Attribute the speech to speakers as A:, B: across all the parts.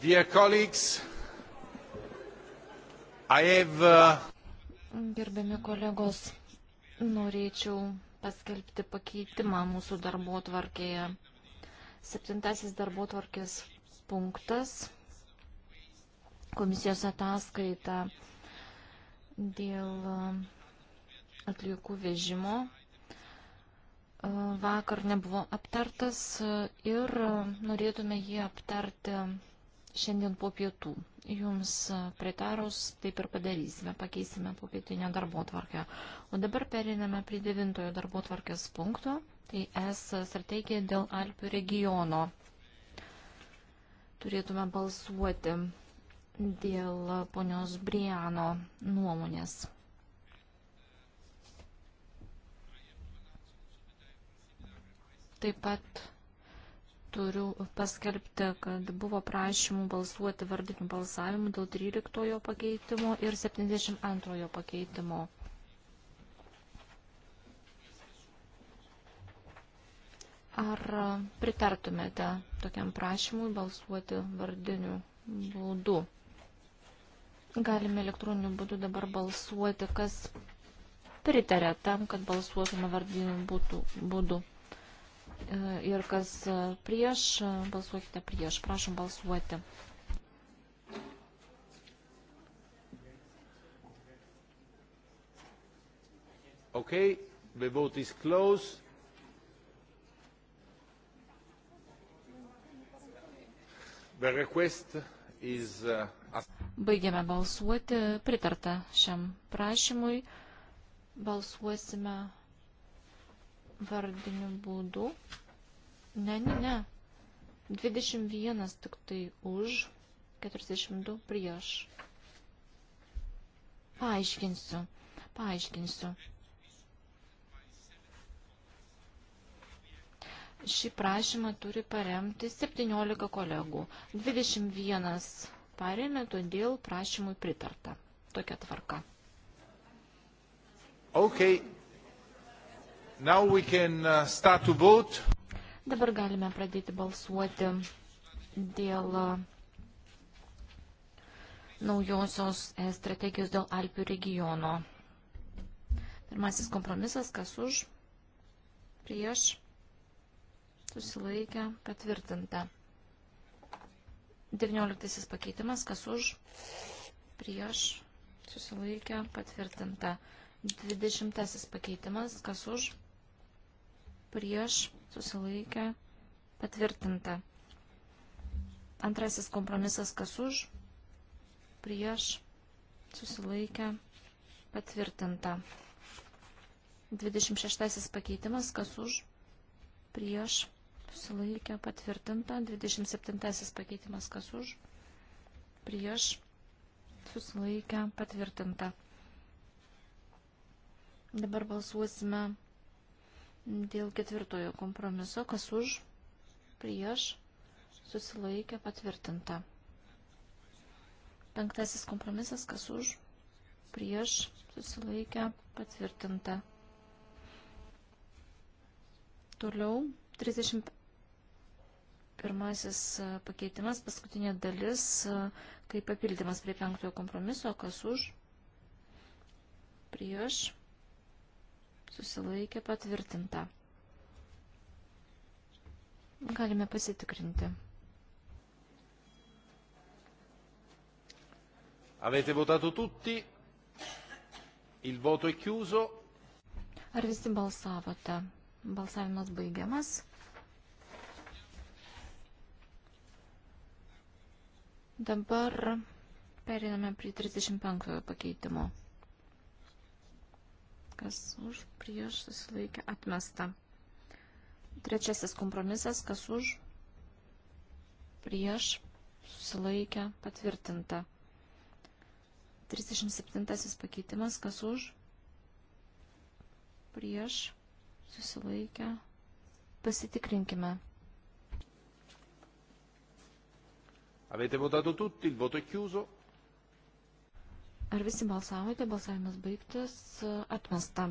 A: Dear colleagues, I have. Uh,
B: Gerbiami kolegos, norėčiau paskelbti pakeitimą mūsų darbo tvarkėje. Septintasis darbo tvarkės punktas - komisijos ataskaita dėl uh, atliekų vežimo uh, vakar nebuvo aptartas ir norėtume jį aptarti šiandien po pietų. Jums pritarus taip ir padarysime, pakeisime po pietinę darbo tvarkę. O dabar periname prie devintojo darbo tvarkės punkto, tai es strategija dėl Alpių regiono. Turėtume balsuoti dėl ponios Briano nuomonės. Taip pat turiu paskelbti, kad buvo prašymų balsuoti vardiniu balsavimu dėl 13 pakeitimo ir 72 pakeitimo. Ar pritartumėte tokiam prašymui balsuoti vardiniu būdu? Galime elektroniniu būdu dabar balsuoti, kas pritarė tam, kad balsuotume vardiniu būdu. E, ir kas e, prieš, e, balsuokite prieš. Prašom balsuoti.
A: Okay, the vote is closed. The request is uh,
B: Baigiame balsuoti, pritarta šiam prašymui. Balsuosime vardiniu būdu. Ne, ne, ne. 21 tik tai už, 42 prieš. Paaiškinsiu, paaiškinsiu. Šį prašymą turi paremti 17 kolegų. 21 paremė, todėl prašymui pritarta. Tokia tvarka. Okay.
A: Now we can uh, start to vote.
B: Dabar galime pradėti balsuoti dėl uh, naujosios e, strategijos dėl Alpių regiono. Pirmasis kompromisas, kas už, prieš, susilaikę, patvirtinta. 19 pakeitimas, kas už, prieš, susilaikę, patvirtinta. 20 pakeitimas, kas už, prieš, susilaikę, patvirtinta. Antrasis kompromisas, kas už, prieš, susilaikę, patvirtinta. 26 pakeitimas, kas už, prieš, susilaikę, patvirtinta. 27 pakeitimas, kas už, prieš, susilaikę, patvirtinta. Dabar balsuosime Dėl ketvirtojo kompromiso, kas už, prieš, susilaikė patvirtinta. Penktasis kompromisas, kas už, prieš, susilaikė patvirtinta. Toliau 31 pakeitimas, paskutinė dalis, kaip papildymas prie penktojo kompromiso, kas už, prieš, susilaikė patvirtinta. Galime pasitikrinti. Avete votato tutti?
A: Il voto è chiuso.
B: Ar visi balsavote? Balsavimas baigiamas. Dabar periname prie 35 pakeitimo kas už, prieš, susilaikė, atmesta. Trečiasis kompromisas, kas už, prieš, susilaikė, patvirtinta. 37 pakeitimas, kas už, prieš, susilaikė, pasitikrinkime.
A: Avete votato tutti, il voto è chiuso.
B: Ar visi balsavote? Balsavimas baigtas. Atmesta.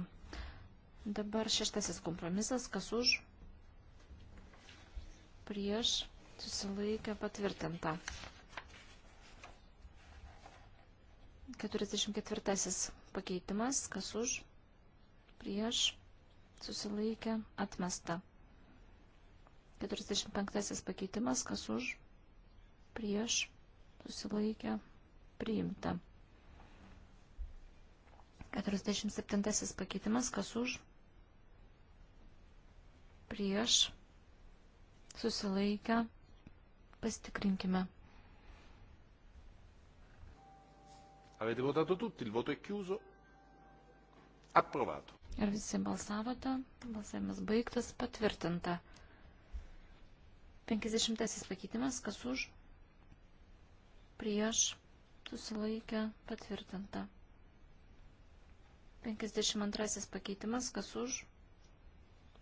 B: Dabar šeštasis kompromisas. Kas už? Prieš. Susilaikę patvirtinta. 44 pakeitimas. Kas už? Prieš. Susilaikę. Atmesta. 45 pakeitimas. Kas už? Prieš. Susilaikę. Priimta. 47 pakeitimas, kas už, prieš, susilaikę, pasitikrinkime.
A: Avete votato tutti, il voto è chiuso, approvato.
B: Ir visi balsavote, balsavimas baigtas, patvirtinta. 50 pakeitimas, kas už, prieš, susilaikę, patvirtinta. 52 pakeitimas, kas už,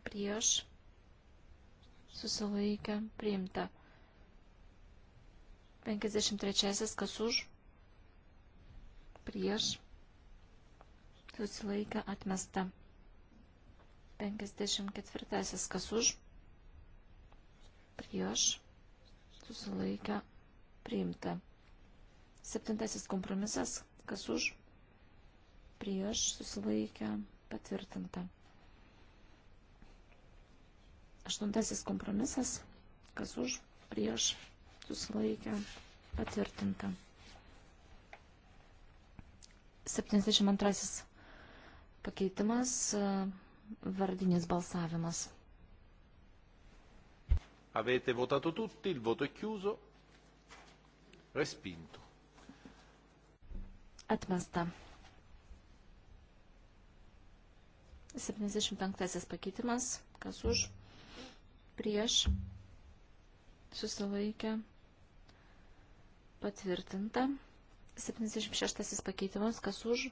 B: prieš, susilaikę, priimta. 53 kas už, prieš, susilaikę, atmesta. 54 kas už, prieš, susilaikę, priimta. 7 kompromisas, kas už, prieš prieš susilaikę patvirtinta. Aštuntasis kompromisas, kas už, prieš susilaikę patvirtinta. 72 pakeitimas, vardinis balsavimas.
A: Avete votato tutti, il voto è chiuso, respinto.
B: Atmesta. 75 pakeitimas, kas už, prieš, susilaikė, patvirtinta. 76 pakeitimas, kas už,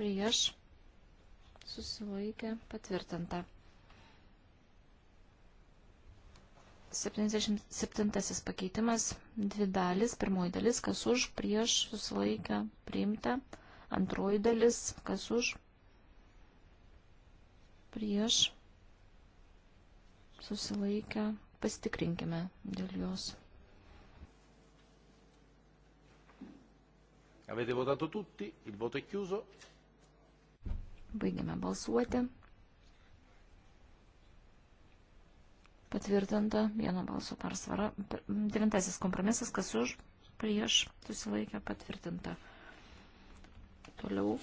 B: prieš, susilaikė, patvirtinta. 77 pakeitimas, dvi dalis, pirmoji dalis, kas už, prieš, susilaikę, priimta, antroji dalis, kas už, prieš susilaikę, pasitikrinkime dėl jos.
A: Avete votato tutti, il voto è chiuso.
B: Baigiame balsuoti. Patvirtinta vieno balso persvara. Devintasis kompromisas, kas už, prieš, susilaikę, patvirtinta. Toliau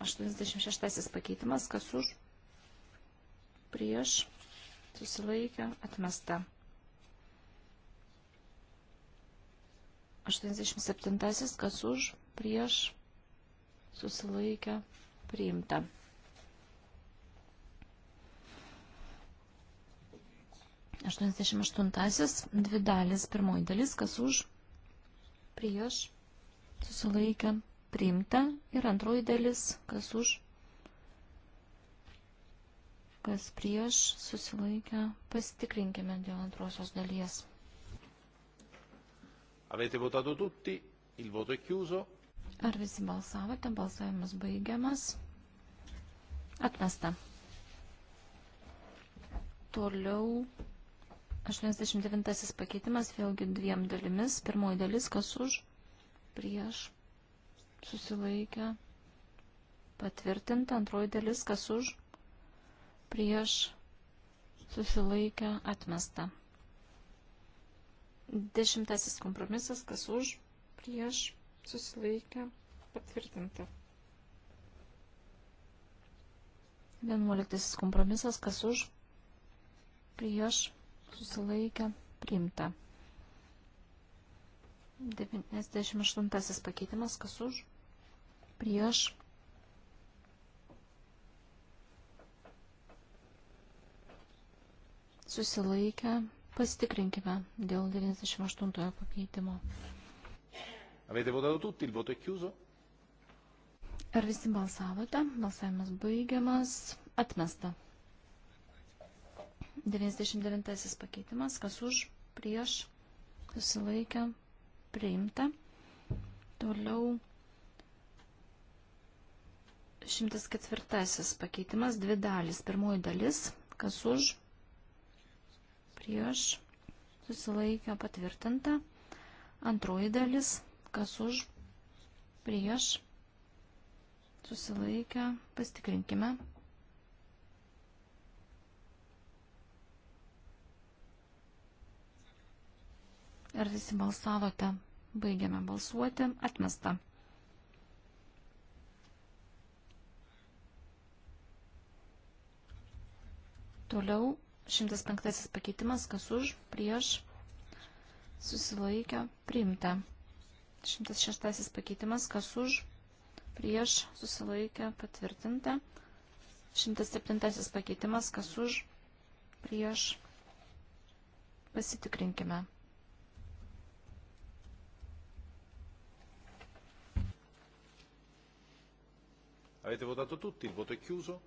B: 86 pakeitimas, kas už, prieš, susilaikė, atmesta. 87. Kas už, prieš, susilaikė, priimta. Aštuoniasdešimt aštuntasis, dvi dalis, pirmoji dalis, kas už, prieš, susilaikė, priimta ir antroji dalis, kas už, kas prieš, susilaikę, pasitikrinkime dėl antrosios dalies.
A: Avete votato tutti, il voto è chiuso.
B: Ar visi balsavote, balsavimas baigiamas. Atmesta. Toliau 89 pakeitimas, vėlgi dviem dalimis. Pirmoji dalis, kas už, prieš, susilaikę, patvirtinta. Antroji dalis, kas už, prieš susilaikę atmesta. Dešimtasis kompromisas, kas už, prieš susilaikę patvirtinta. Vienuoliktasis kompromisas, kas už, prieš susilaikę priimta. 98 pakeitimas, kas už, prieš susilaikę, pasitikrinkime dėl 98 pakeitimo.
A: Avete votato tutti, il voto è chiuso?
B: Ar visi balsavote? Balsavimas baigiamas. Atmesta. 99 pakeitimas. Kas už? Prieš. Susilaikę. Priimta. Toliau. 104 pakeitimas. Dvi dalis. Pirmoji dalis. Kas už? prieš, susilaikė patvirtinta. Antroji dalis, kas už, prieš, susilaikė, pastikrinkime. Ar visi balsavote? Baigiame balsuoti. Atmesta. Toliau 105 pakeitimas, kas už, prieš, susilaikė, priimta. 106 pakeitimas, kas už, prieš, susilaikė, patvirtinta. 107 pakeitimas, kas už, prieš, pasitikrinkime.
A: Avete votato tutti, il voto è chiuso.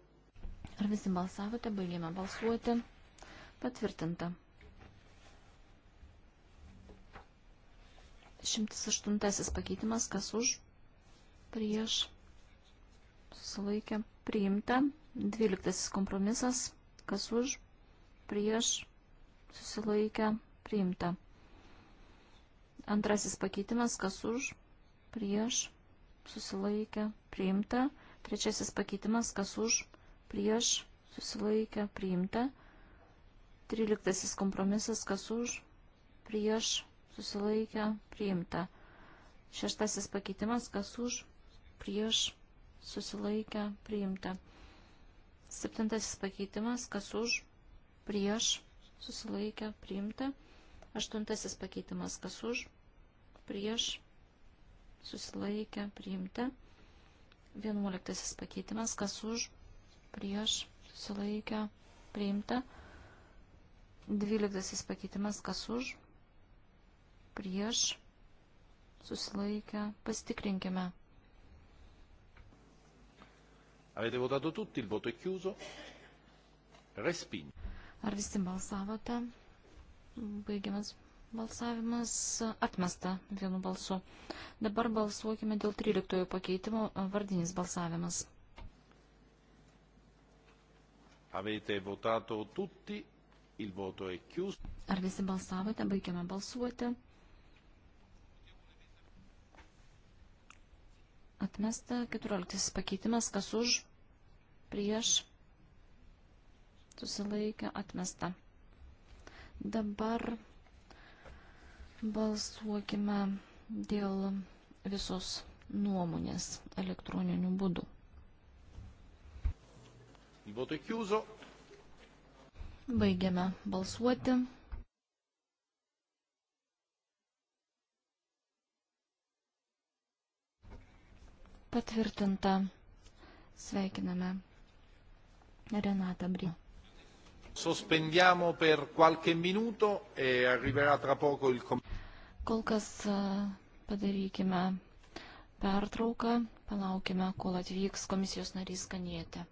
B: Ar visi balsavote, baigėme balsuoti. Patvirtinta. 108 pakeitimas, kas už, prieš, susilaikė, priimta. 12 kompromisas, kas už, prieš, susilaikė, priimta. Antrasis pakeitimas, kas už, prieš, susilaikė, priimta. Trečiasis pakeitimas, kas už, prieš, susilaikė, priimta. 13 kompromisas, kas už, prieš, susilaikę, priimta. Šeštasis pakeitimas, kas už, prieš, susilaikę, priimta. Septintasis pakeitimas, kas už, prieš, susilaikę, priimta. Aštuntasis pakeitimas, kas už, prieš, susilaikę, priimta. Vienuoliktasis pakeitimas, kas už, prieš, susilaikę, priimta. Dvyliktasis pakeitimas, kas už, prieš, susilaikę, pasitikrinkime.
A: Avete votato tutti, il voto è chiuso. Respinto.
B: Ar visi balsavote? Baigiamas balsavimas atmesta vienu balsu. Dabar balsuokime dėl 13 pakeitimo vardinis balsavimas.
A: Avete votato tutti, Il voto è chiuso.
B: Ar visi balsavote? Baigiame balsuoti. Atmesta 14 pakeitimas. Kas už? Prieš. Susilaikė. Atmesta. Dabar balsuokime dėl visos nuomonės elektroniniu būdu.
A: Il voto è chiuso.
B: Baigiame balsuoti. Patvirtinta. Sveikiname Renata Brino.
A: Sospendiamo per qualche minuto e arriverà tra poco il Kol
B: kas e, padarykime pertrauką, palaukime, kol atvyks komisijos narys Kanietė.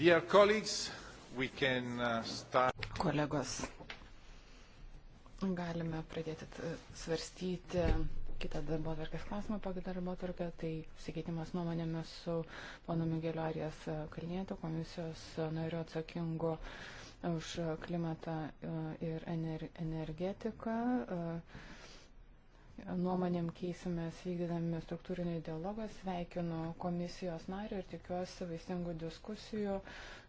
A: Dear colleagues, we can uh, start. Kolegos,
C: galime pradėti svarstyti kitą darbo tvarkės klausimą pagal darbo tvarkę, tai sikeitimas nuomonėmis su ponu Miguelio Arijas Kalnieto komisijos nariu atsakingo už klimatą e, ir energetiką. Uh, nuomonėm keisimės vykdydami struktūrinį dialogą. Sveikinu komisijos narį ir tikiuosi vaisingų diskusijų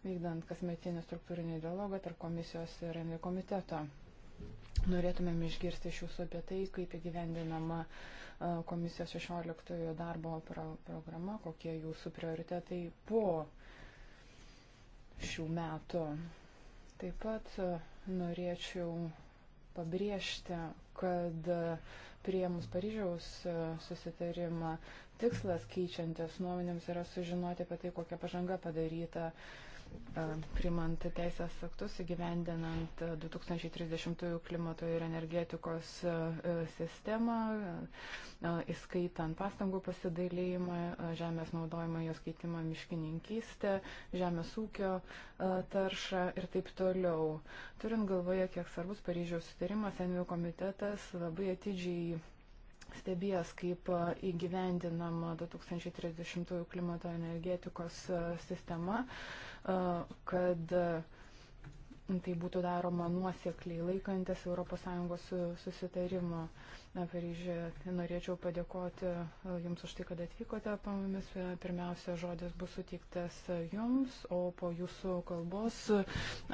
C: vykdant kasmetinį struktūrinį dialogą tarp komisijos ir NV komiteto. Norėtumėm išgirsti iš jūsų apie tai, kaip įgyvendinama komisijos 16 darbo programa, kokie jūsų prioritetai po šių metų. Taip pat norėčiau pabrėžti, kad Priemus Paryžiaus e, susitarimą, tikslas keičiantis nuomonėms yra sužinoti apie tai, kokia pažanga padaryta uh, E, primant teisės aktus, įgyvendinant 2030 klimato ir energetikos e, e, sistemą, įskaitant pastangų pasidalėjimą, žemės naudojimą, jos keitimą miškininkystę, žemės ūkio taršą ir taip toliau. Turint galvoje, kiek svarbus Paryžiaus sutarimas, NVO komitetas labai atidžiai stebėjęs, kaip įgyvendinama 2030 klimato energetikos sistema. Uh, kad tai būtų daroma nuosekliai laikantis ES susitarimo. Na, Paryžiuje tai norėčiau padėkoti Jums už tai, kad atvykote po mumis. Pirmiausia, žodis bus suteiktas Jums, o po Jūsų kalbos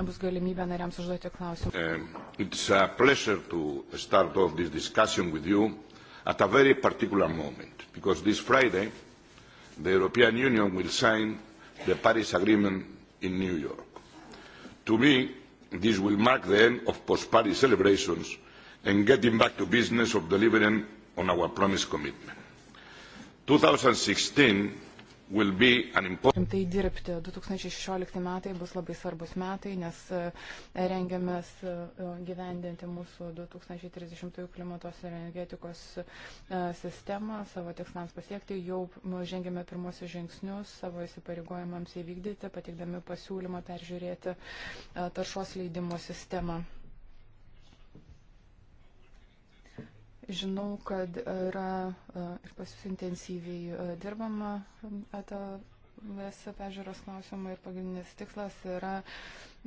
C: bus galimybė nariams užduoti klausimus. Eh,
D: at a very particular moment, because this Friday the European Union will sign the Paris Agreement in New York. To me, this will mark the end of post-Paris celebrations and getting back to business of delivering on our promised commitment. 2016 Rimtai
C: dirbti. 2016 metai bus labai svarbus metai, nes e, rengiamės e, gyvendinti mūsų 2030 klimatos ir energetikos e, sistemą, savo tikslams pasiekti. Jau žengėme pirmosius žingsnius savo įsipareigojimams įvykdyti, pateikdami pasiūlymą peržiūrėti taršos leidimo sistemą. Žinau, kad yra e, ir pas jūs intensyviai e, dirbama e, tą VS peržiūros klausimą ir pagrindinis tikslas yra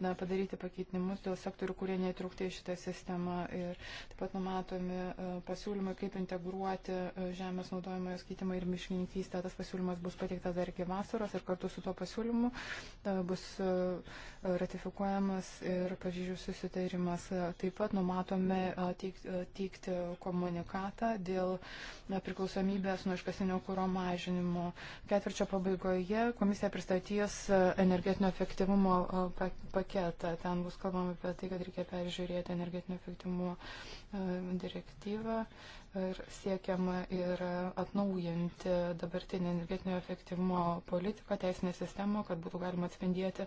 C: na, padaryti pakeitimus dėl sektorių, kurie neįtraukti į šitą sistemą. Ir taip pat numatomi e, pasiūlymai, kaip integruoti e, žemės naudojimo skaitimą ir miškininkystę. Tas pasiūlymas bus pateiktas dar iki vasaros ir kartu su tuo pasiūlymu e, bus ratifikuojamas ir Paryžių susitarimas. Taip pat numatome teikti komunikatą dėl priklausomybės nuo iškasinio kūro mažinimo. Ketvirčio pabaigoje komisija pristatys energetinio efektyvumo paketą paketą. Ten bus kalbama apie tai, kad reikia peržiūrėti energetinio efektyvumo e, direktyvą ir siekiama ir atnaujinti dabartinę energetinio efektyvumo politiką, teisinę sistemą, kad būtų galima atspindėti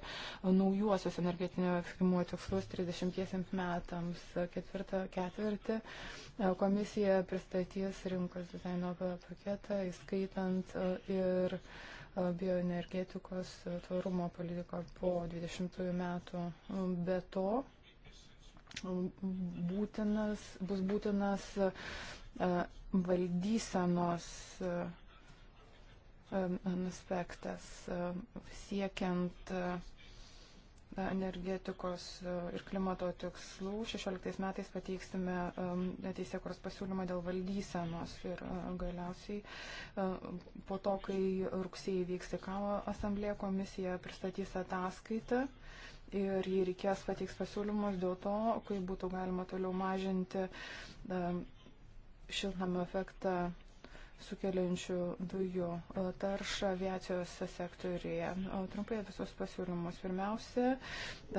C: naujuosius energetinio efektyvumo tikslus 30 metams. Ketvirtą ketvirtį e, komisija pristatys rinkos dizaino paketą, įskaitant e, ir uh, bioenergetikos tvarumo politiką po 20 metų. Be to, būtinas, bus būtinas e, valdysenos e, aspektas e, siekiant energetikos e, ir klimato tikslų. 16 metais pateiksime e, teisėkuros pasiūlymą dėl valdysenos ir e, galiausiai po to, kai rugsėjai vyks į kavo asamblėje, komisija pristatys ataskaitą. Ir jį reikės pateiks pasiūlymus dėl to, kaip būtų galima toliau mažinti šiltnamio efektą sukeliančių dujų e, taršą aviacijos sektoriuje. Trumpai visus pasiūlymus. Pirmiausia,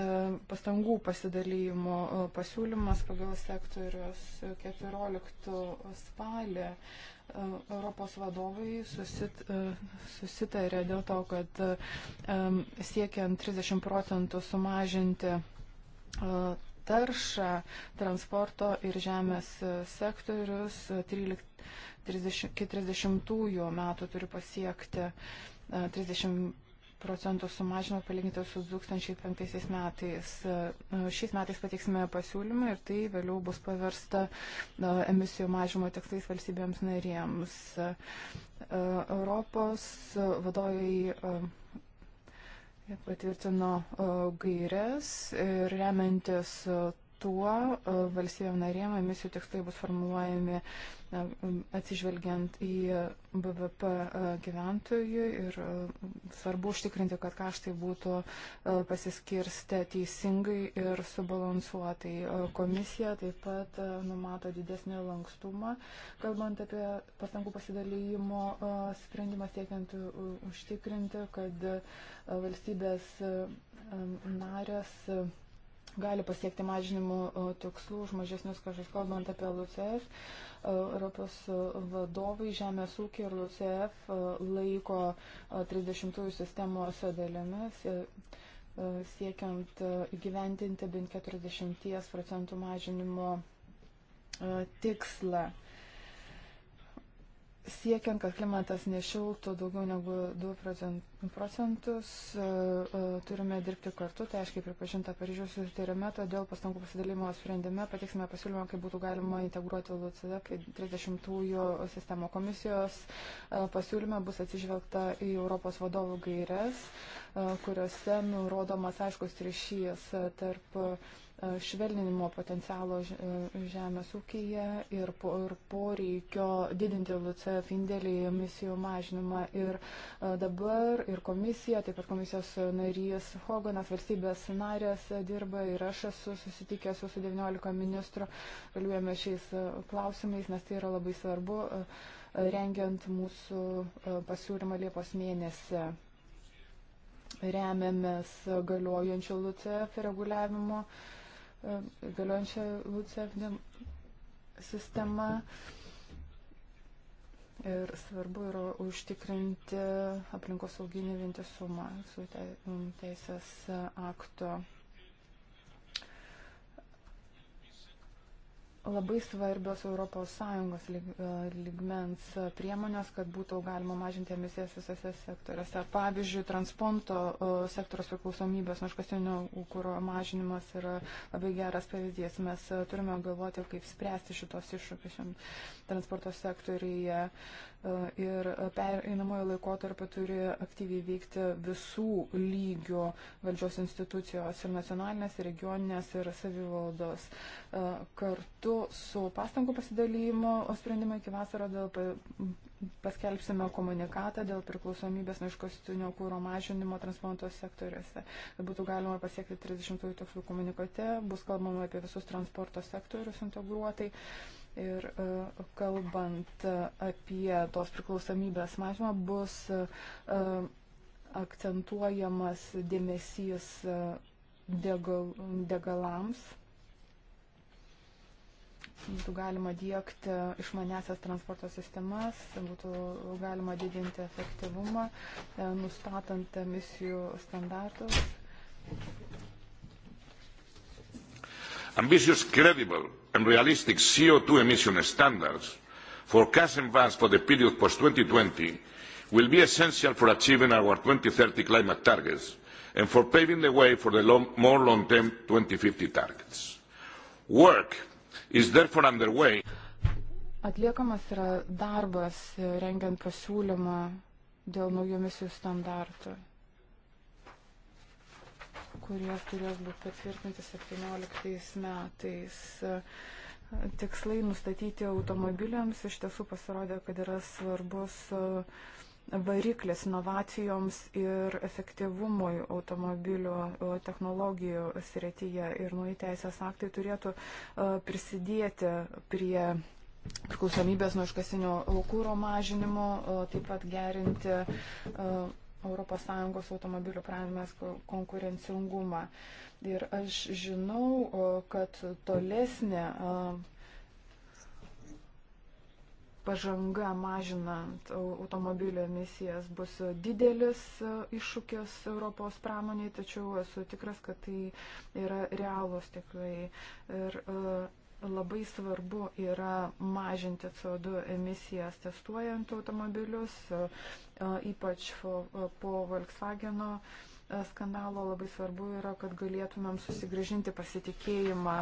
C: e, pastangų pasidalymo e, pasiūlymas pagal sektorius 14 spalį. Europos vadovai susit, susitarė dėl to, kad siekiant 30 procentų sumažinti taršą transporto ir žemės sektorius 13, 30 metų turi pasiekti 30 e, procentų sumažino palyginti su 2005 metais. E, šiais metais pateiksime pasiūlymą ir tai vėliau bus paversta e, emisijų mažimo tikslais valstybėms narėms. Europos vadovai patvirtino gairias ir remiantis tuo valstybėm narėm emisijų tikslai bus formuluojami atsižvelgiant į BVP gyventojų ir svarbu užtikrinti, kad kaštai būtų pasiskirsti teisingai ir subalansuotai. Komisija taip pat numato didesnį lankstumą, kalbant apie pastangų pasidalymo sprendimą, siekiant užtikrinti, kad valstybės narės gali pasiekti mažinimų tikslų už mažesnius kažkas, kalbant apie LUCF. Europos vadovai žemės ūkį ir LUCF laiko 30-ųjų sistemos dalimis e, e, siekiant e, įgyventinti bent 40 procentų mažinimo tikslą siekiant, kad klimatas nešiltų daugiau negu 2 procentus, e, e, turime dirbti kartu, tai aiškiai pripažinta Paryžiaus susitarime, todėl pastangų pasidalimo sprendime pateiksime pasiūlymą, kaip būtų galima integruoti LCD, kai 30-ųjų sistemo komisijos e, pasiūlyme bus atsižvelgta į Europos vadovų gairias, kuriuose nurodomas aiškus ryšys tarp E, švelninimo potencialo e, žemės ūkija ir, po, ir poreikio didinti LCF indėlį į emisijų mažinimą. Ir e, dabar ir komisija, taip pat komisijos narys Hoganas, valstybės narės dirba ir aš esu susitikęs su 19 ministru, kalbėjome šiais klausimais, nes tai yra labai svarbu, rengiant mūsų pasiūlymą Liepos mėnesį remiamės galiojančio LUCF reguliavimo uh, galiojančia LUCEF sistema. Ir svarbu yra užtikrinti aplinkosauginį vientisumą su teisės akto labai svarbios ES lygmens e, priemonės, kad būtų galima mažinti emisijas visose sektoriuose. Pavyzdžiui, transporto e, sektoriaus priklausomybės nuo iškastinio kūro mažinimas yra labai geras pavyzdys. Mes e, turime galvoti, kaip spręsti šitos iššūkius transporto sektoriuje ir pereinamojo laikotarpio turi aktyviai veikti visų lygių valdžios institucijos ir nacionalinės, ir regioninės, ir savivaldos. E, kartu su pastangų pasidalymo sprendimai iki vasaro dėl paskelbsime komunikatą dėl priklausomybės nuo iškastinio kūro mažinimo transporto sektoriuose. Kad būtų galima pasiekti 30-ųjų tikslų komunikate, bus kalbama apie visus transporto sektorius integruotai. Uh, Ir e, kalbant apie tos priklausomybės mažymą, bus e, e, akcentuojamas dėmesys degal, degalams. Būtų galima dėkti išmanesias transporto sistemas, būtų galima didinti efektyvumą, nustatant emisijų standartus.
D: Ambitious, credible and realistic CO2 emission standards for cash and vans for the period post-2020 will be essential for achieving our 2030 climate targets and for paving the way for the long, more long-term 2050 targets. Work is therefore underway.
C: Atliekamas yra darbas rengiant pasiūlymą dėl naujų emisijų standartų kurie turės būti patvirtinti 17 metais. Tikslai nustatyti automobiliams iš tiesų pasirodė, kad yra svarbus e, variklis inovacijoms ir efektyvumui automobilių e, technologijų srityje ir nauji teisės aktai turėtų e, prisidėti prie priklausomybės nuo iškasinio kūro mažinimo, taip pat gerinti ES automobilių pramonės konkurencingumą. Ir aš žinau, kad tolesnė pažanga mažinant automobilių emisijas bus didelis iššūkis Europos pramoniai, tačiau esu tikras, kad tai yra realūs tikrai. Ir, uh, labai svarbu yra mažinti CO2 emisijas testuojant automobilius, ypač po Volkswageno skandalo labai svarbu yra, kad galėtumėm susigražinti pasitikėjimą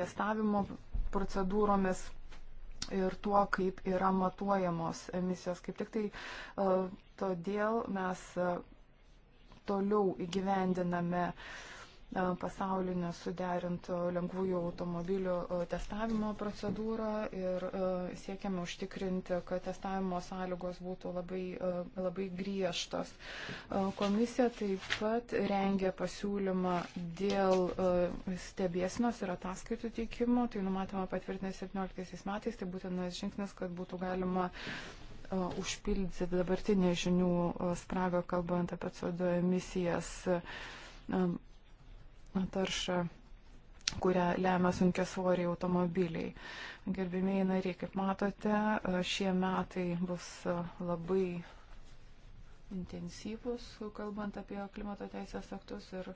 C: testavimo procedūromis ir tuo, kaip yra matuojamos emisijos. Kaip tik tai todėl mes toliau įgyvendiname uh, E, pasaulinę suderintų lengvųjų automobilių e, testavimo procedūrą ir e, siekiame užtikrinti, kad testavimo sąlygos būtų labai, labai griežtos. Komisija taip pat rengia pasiūlymą dėl stebėsnos ir ataskaitų teikimo, tai numatoma patvirtinti 17 metais, tai būtinas žingsnis, kad būtų galima užpildyti dabartinę žinių spragą, kalbant apie CO2 emisijas taršą kurią lemia sunkia svoriai automobiliai. Gerbimieji nariai, kaip matote, šie metai bus labai intensyvus, kalbant apie klimato teisės aktus ir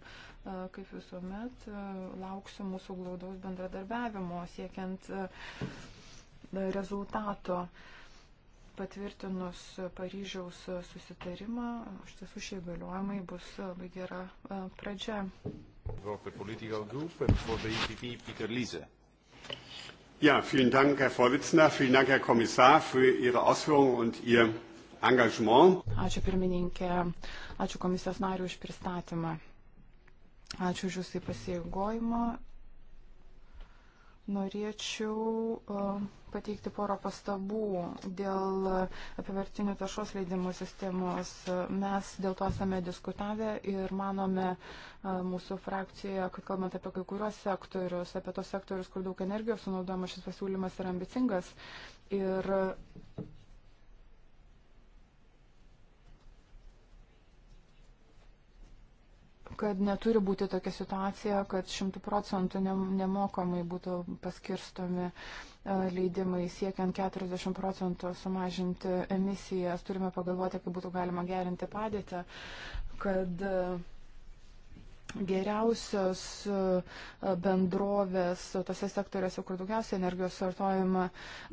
C: kaip visuomet lauksiu mūsų glaudaus bendradarbiavimo siekiant rezultato patvirtinus Paryžiaus susitarimą. Iš tiesų šie įgaliojimai bus labai gera pradžia.
A: E
D: ja, vielen Dank, Herr Vorsitzender, vielen Dank, Herr Kommissar, für Ihre Ausführungen und Ihr Engagement.
C: Ačiū pirmininkė, ačiū komisijos nariu už pristatymą. Ačiū už Jūsų įpaseigojimą Norėčiau e, pateikti porą pastabų dėl apivartinių taršos leidimų sistemos. Mes dėl to esame diskutavę ir manome e, mūsų frakcijoje, kad kalbant apie kai kuriuos sektorius, apie tos sektorius, kur daug energijos sunaudojama, šis pasiūlymas yra ambicingas. Ir kad neturi būti tokia situacija, kad šimtų procentų nemokamai būtų paskirstomi e, leidimai siekiant 40 procentų sumažinti emisijas. Turime pagalvoti, kaip būtų galima gerinti padėtį, kad uh, geriausios e, bendrovės tose sektoriuose, kur daugiausiai energijos vartojama,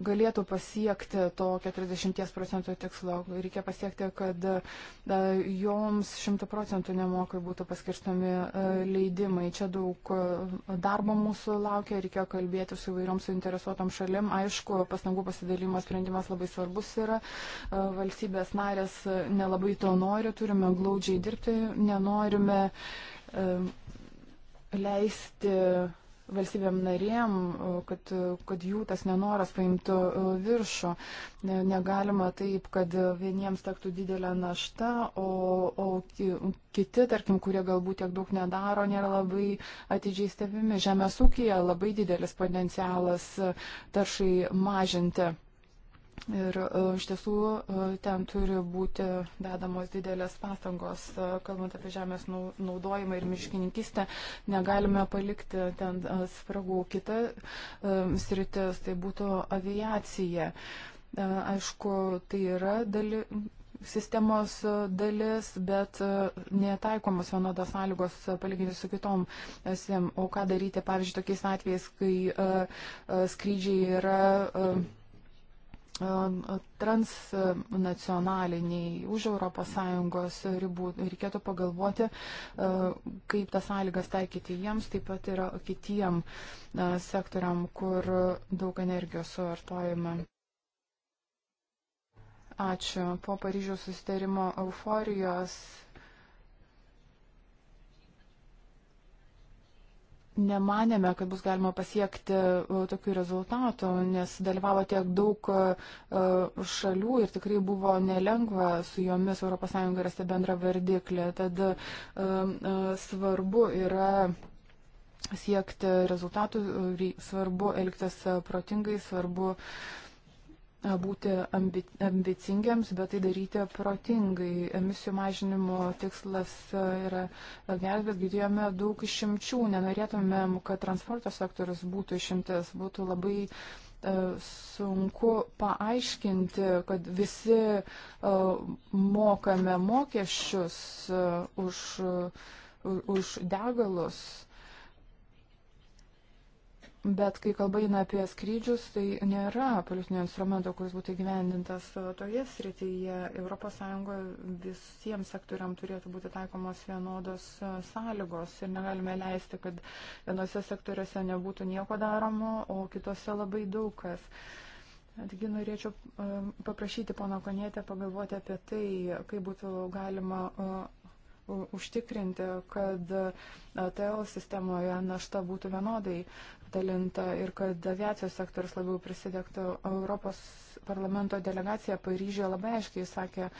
C: galėtų pasiekti to 40 procentų tikslo. Reikia pasiekti, kad e, joms 100 procentų nemokai būtų paskirstami e, leidimai. Čia daug darbo mūsų laukia, reikia kalbėti su įvairiom suinteresuotom šalim. Aišku, pastangų pasidalimo sprendimas labai svarbus yra. Valstybės narės nelabai to nori, turime glaudžiai dirbti, nenorime. Uh, leisti valstybėm narėm, kad, kad jų tas nenoras paimtų viršų. Negalima taip, kad vieniems tektų didelė našta, o, o kiti, tarkim, kurie galbūt tiek daug nedaro, nėra labai atidžiai stebimi. Žemės ūkija labai didelis potencialas taršai mažinti. Ir e, iš tiesų e, ten turi būti dedamos didelės pastangos, e, kalbant apie žemės naudojimą ir miškininkistę, negalime palikti ten spragų. Kita sritis tai būtų aviacija. Aišku, tai yra dali, sistemos dalis, bet netaikomos vienodos sąlygos palyginti su kitom SM. O ką daryti, pavyzdžiui, tokiais atvejais, kai skrydžiai yra transnacionaliniai už ES ribų. Reikėtų pagalvoti, kaip tas sąlygas taikyti jiems, taip pat ir kitiem sektoriam, kur daug energijos suvartojama. Ačiū. Po Paryžiaus susitarimo euforijos nemanėme, kad bus galima pasiekti e, tokių rezultatų, nes dalyvavo tiek daug e, e, šalių ir tikrai buvo nelengva su jomis ES rasti bendrą vardiklį. Tad svarbu yra siekti rezultatų, svarbu elgtis protingai, svarbu uh, būti ambicingiams, bet tai daryti protingai. Emisijų mažinimo tikslas yra geras, bet girdėjome daug išimčių. Nenorėtumėm, kad transporto sektorius būtų išimtas. Būtų labai sunku paaiškinti, kad visi mokame mokesčius už, už degalus Bet kai kalba eina apie skrydžius, tai nėra politinio instrumento, kuris būtų įgyvendintas e, toje srityje. ES visiems sektoriam turėtų būti taikomos vienodos e, sąlygos ir negalime leisti, kad vienose sektoriuose nebūtų nieko daromo, o kitose labai daug kas. Taigi norėčiau e, paprašyti pono Konietę pagalvoti apie tai, kaip būtų galima užtikrinti, kad e, TL sistemoje našta būtų vienodai dalinta ir kad aviacijos sektoris labiau prisidegtų. Europos parlamento delegacija Paryžioje labai aiškiai sakė e,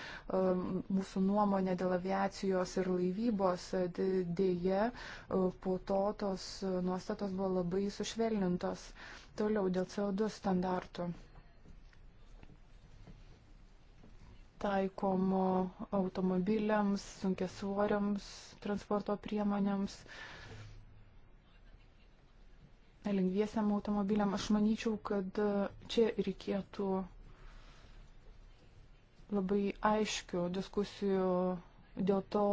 C: mūsų nuomonę dėl aviacijos ir laivybos. E, dėje po to tos nuostatos buvo labai sušvelnintos. Toliau dėl CO2 standartų. taikomo automobiliams, sunkesvoriams, transporto priemonėms, lengviesiam automobiliam. Aš manyčiau, kad čia reikėtų labai aiškių diskusijų dėl to,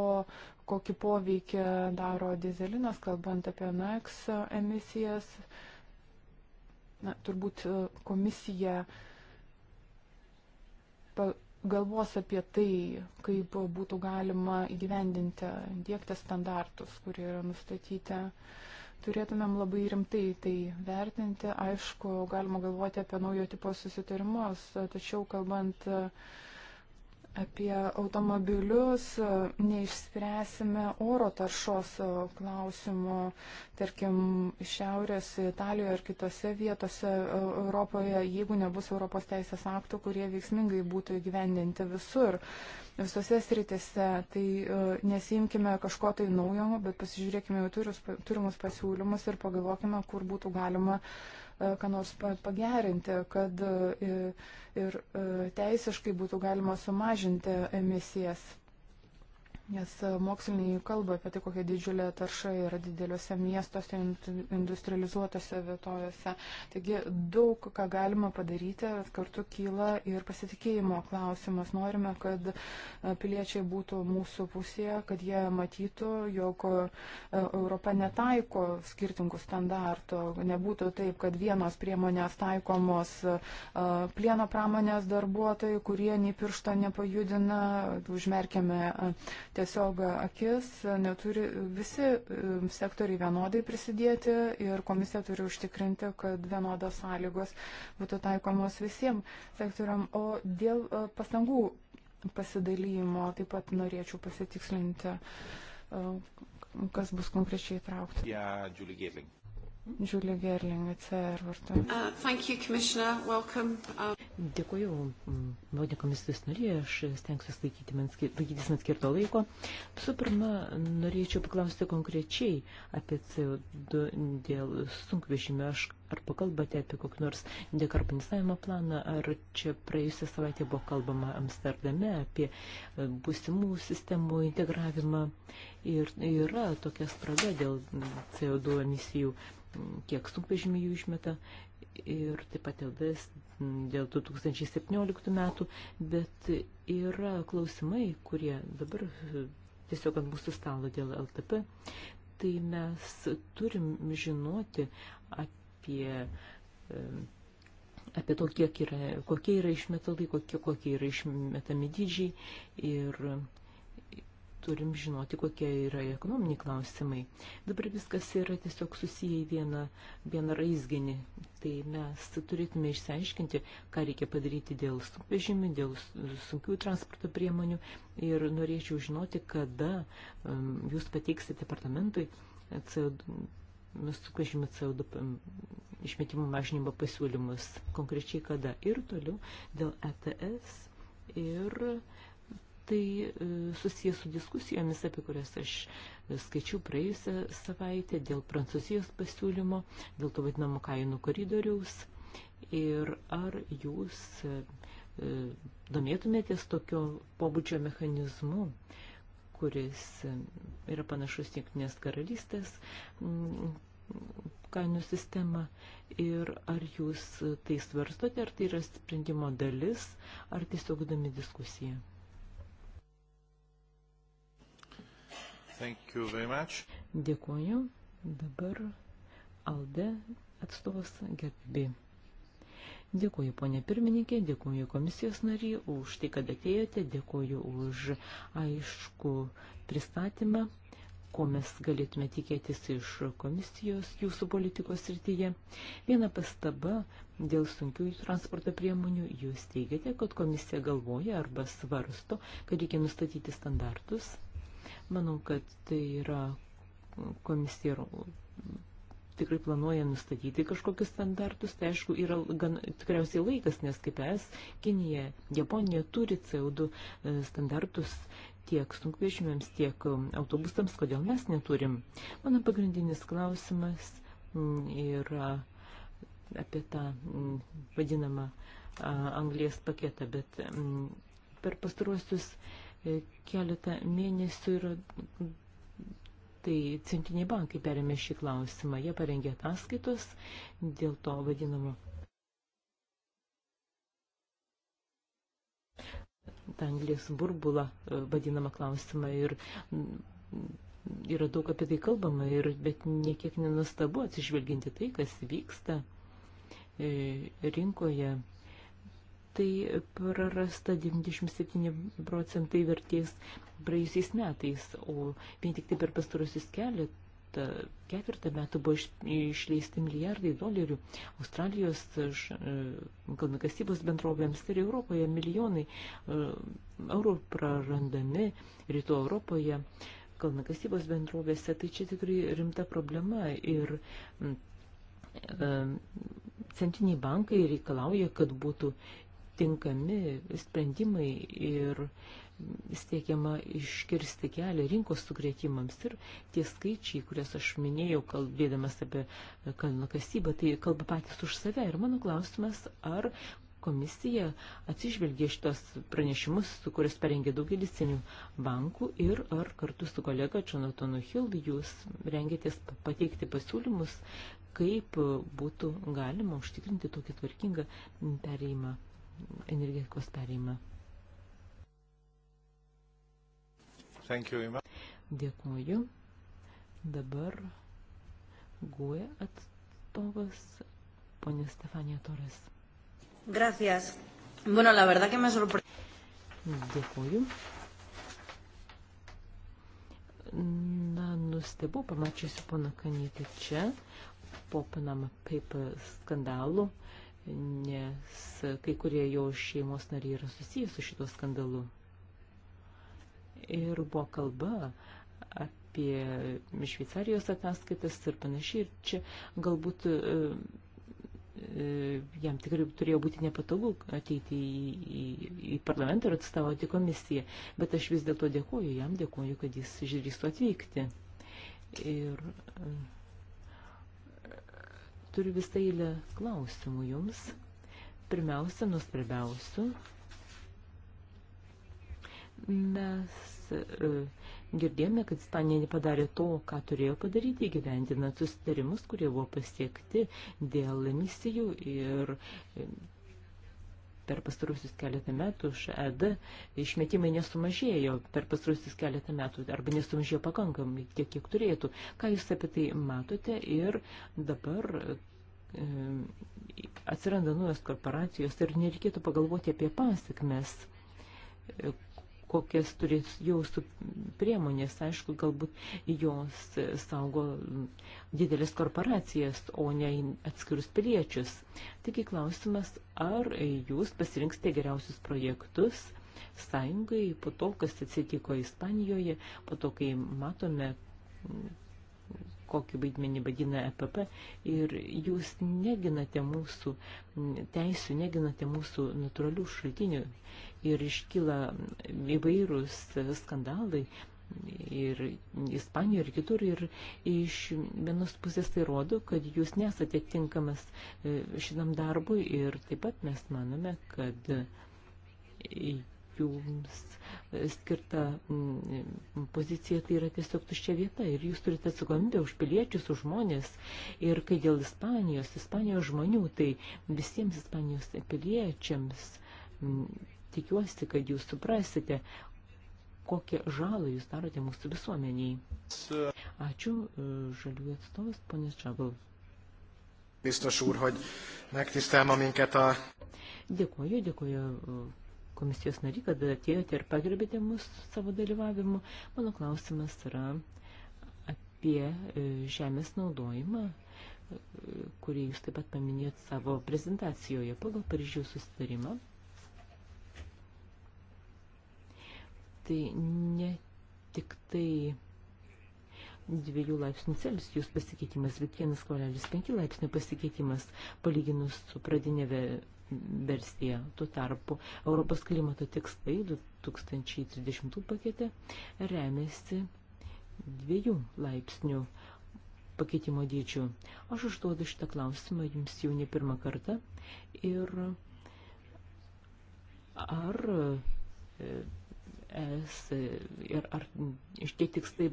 C: kokį poveikį daro dizelinas, kalbant apie NX e emisijas. Na, turbūt e, komisija galvos apie tai, kaip būtų galima įgyvendinti, dėkti standartus, kurie yra nustatyti. Turėtumėm labai rimtai tai vertinti. Aišku, galima galvoti apie naujo tipo susitarimus, tačiau kalbant apie automobilius e, neišspręsime oro taršos e, klausimų, tarkim, Šiaurės Italijoje ir kitose vietose e, Europoje, jeigu nebus Europos teisės aktų, kurie veiksmingai būtų įgyvendinti visur, visose sritise. Tai nesimkime kažko tai naujo, bet pasižiūrėkime jau turimus pasiūlymus ir pagalvokime, kur būtų galima uh, E, ką nors pagerinti, kad e, ir e, teisiškai būtų galima sumažinti emisijas. Nes e, moksliniai kalba apie tai, kokia didžiulė tarša yra dideliuose miestuose, industrializuotose vietovėse. Taigi daug ką galima padaryti, kartu kyla ir pasitikėjimo klausimas. Norime, kad e, piliečiai būtų mūsų pusėje, kad jie matytų, jog e, Europa netaiko skirtingų standartų. Nebūtų taip, kad vienos priemonės taikomos plieno pramonės darbuotojai, kurie nei piršto nepajudina, užmerkėme tiesiog akis, neturi visi um, sektoriai vienodai prisidėti ir komisija turi užtikrinti, kad vienodas sąlygos būtų taikomos visiems sektoriam. O dėl uh, pastangų pasidalymo taip pat norėčiau pasitikslinti, uh, kas bus konkrečiai įtraukta. Ja, Julie Gerling. Žiūlė Gerling, CR vartoja. Uh, uh,
E: Dėkuoju, mm, naudė komisijos narė, aš stengsiuosi laikyti man, laikytis man skirto laiko. Visų pirma, norėčiau paklausti konkrečiai apie CO2 dėl sunkvežimio. Aš ar pakalbate apie kokį nors dekarbonizavimo planą, ar čia praėjusią savaitę buvo kalbama Amsterdame apie e, būsimų sistemų integravimą. Ir yra tokia spraga dėl CO2 emisijų kiek sunkvežimių jų išmeta ir taip pat LDS dėl 2017 metų, bet yra klausimai, kurie dabar tiesiog ant mūsų stalo dėl LTP, tai mes turim žinoti apie apie to, kiek yra, kokie yra išmetalai, kokie, kokie yra išmetami dydžiai ir turim žinoti, kokie yra ekonominiai klausimai. Dabar viskas yra tiesiog susiję į vieną, vieną raizginį. Tai mes turėtume išsiaiškinti, ką reikia padaryti dėl sunkvežimių, dėl sunkių transporto priemonių. Ir norėčiau žinoti, kada um, jūs pateiksite parlamentui sunkvežimių CO2 um, išmetimų mažinimo pasiūlymus. Konkrečiai kada. Ir toliau dėl ETS ir tai e, susijęs su diskusijomis, apie kurias aš e, skaičiu praėjusią savaitę dėl Prancūzijos pasiūlymo, dėl to vadinamo kainų koridoriaus. Ir ar jūs e, domėtumėtės tokio pobūdžio mechanizmu, kuris yra panašus Junktinės karalystės kainų sistemą ir ar jūs tai svarstote, ar tai yra sprendimo dalis, ar tiesiog įdomi diskusija. Dėkuoju. Dabar Alde atstovas gerbi. Dėkuoju, ponė pirmininkė, dėkuoju komisijos nariai už tai, kad atėjote, dėkuoju už aišku pristatymą, ko mes galėtume tikėtis iš komisijos jūsų politikos srityje. Viena pastaba dėl sunkiųjų transporto priemonių. Jūs teigiate, kad komisija galvoja arba svarsto, kad reikia nustatyti standartus Manau, kad tai yra komisija tikrai planuoja nustatyti kažkokius standartus, tai aišku, yra gan, tikriausiai laikas, nes kaip es, Kinija, Japonija turi CO2 e, standartus tiek sunkvežimėms, tiek um, autobusams, kodėl mes neturim. Mano pagrindinis klausimas mm, yra apie tą mm, vadinamą anglės paketą, bet mm, per pastaruosius E, keletą mėnesių ir tai centriniai bankai perėmė šį klausimą. Jie parengė ataskaitos dėl to vadinamo Anglijos burbulą e, vadinamą klausimą ir mm, yra daug apie tai kalbama, ir, bet niekiek nenustabu atsižvelginti tai, kas vyksta e, rinkoje tai prarasta 97 procentai vertės praėjusiais metais, o vien tik tai per pastarusius keletą ketvirtą metų buvo išleisti milijardai dolerių Australijos e, kalnakasybos bendrovėms ir Europoje milijonai e, eurų prarandami rytų Europoje kalnakasybos bendrovėse, tai čia tikrai rimta problema ir e, centriniai bankai reikalauja, kad būtų tinkami sprendimai ir siekiama iškirsti kelią rinkos sukretimams. Ir tie skaičiai, kuriuos aš minėjau, kalbėdamas apie kalno kasybą, tai kalba patys už save. Ir mano klausimas, ar komisija atsižvelgė šitos pranešimus, kurias parengė daugelis senių bankų ir ar kartu su kolega Jonatanu Hill jūs rengėtės pateikti pasiūlymus, kaip būtų galima užtikrinti tokį tvarkingą perėjimą energetikos perėjimą. Dėkuoju. Dabar GUE
D: atstovas
E: ponė Stefanija Torres.
D: Gracias. Bueno, la verdad que me sorprendió.
E: Dėkuoju. Na, nustebau, pamačiusiu poną Kanytį čia po Panama Paper skandalų. Uh, nes kai kurie jo šeimos nariai yra susijęs su šituo skandalu. Ir buvo kalba apie Šveicarijos ataskaitas ir panašiai. Ir čia galbūt e, e, jam tikrai turėjo būti nepatogu ateiti į, į, į parlamentą ir atstovauti komisiją. Bet aš vis dėlto dėkoju jam, dėkoju, kad jis išdrįstų atvykti. Ir e, Turiu visą eilę klausimų jums. Pirmiausia, nusprabiausiu. Mes e, girdėjome, kad Ispanija nepadarė to, ką turėjo padaryti įgyvendinant susitarimus, kurie buvo pasiekti dėl emisijų ir e, per pastarusius keletą metų ŠED išmetimai nesumažėjo per pastarusius keletą metų arba nesumažėjo pakankamai tiek, kiek turėtų. Ką jūs apie tai matote ir dabar e, atsiranda naujos korporacijos ir nereikėtų pagalvoti apie pasiekmes kokias turės jūsų priemonės. Aišku, galbūt jos saugo didelės korporacijas, o ne atskirus piliečius. Taigi klausimas, ar jūs pasirinksite geriausius projektus sąjungai po to, kas atsitiko Ispanijoje, po to, kai matome kokį vaidmenį vadina EPP ir jūs neginate mūsų teisų, neginate mūsų natūralių šaltinių ir iškyla įvairūs skandalai. Ir Ispanijoje ir kitur. Ir iš vienos pusės tai rodo, kad jūs nesate tinkamas e, šitam darbui. Ir taip pat mes manome, kad jums e, skirta pozicija tai yra tiesiog tuščia vieta ir jūs turite atsakomybę už piliečius, už žmonės. Ir kai dėl Ispanijos, Ispanijos žmonių, tai visiems Ispanijos piliečiams tikiuosi, kad jūs suprasite, kokią žalą jūs darote mūsų visuomeniai. Ačiū, e, žaliųjų atstovas, ponės Čagal.
B: Biztos úr, hogy megtisztel ma minket a...
E: Dėkuoju, dėkuoju komisijos nary, kad atėjote ir pagerbėte mus savo dalyvavimu. Mano klausimas yra apie e, žemės naudojimą, e, kurį jūs taip pat paminėjot savo prezentacijoje pagal Paryžiaus susitarimą. Tai ne tik tai dviejų laipsnių Celsijus pasikeitimas, bet 1,5 laipsnių pasikeitimas palyginus su pradinė versiją. Tuo tarpu Europos klimato tikslai 2030 pakete remiasi dviejų laipsnių pakeitimo dydžių. Aš užduodu šitą klausimą jums jau ne pirmą kartą ir ar e, es ir ar šitie tikslai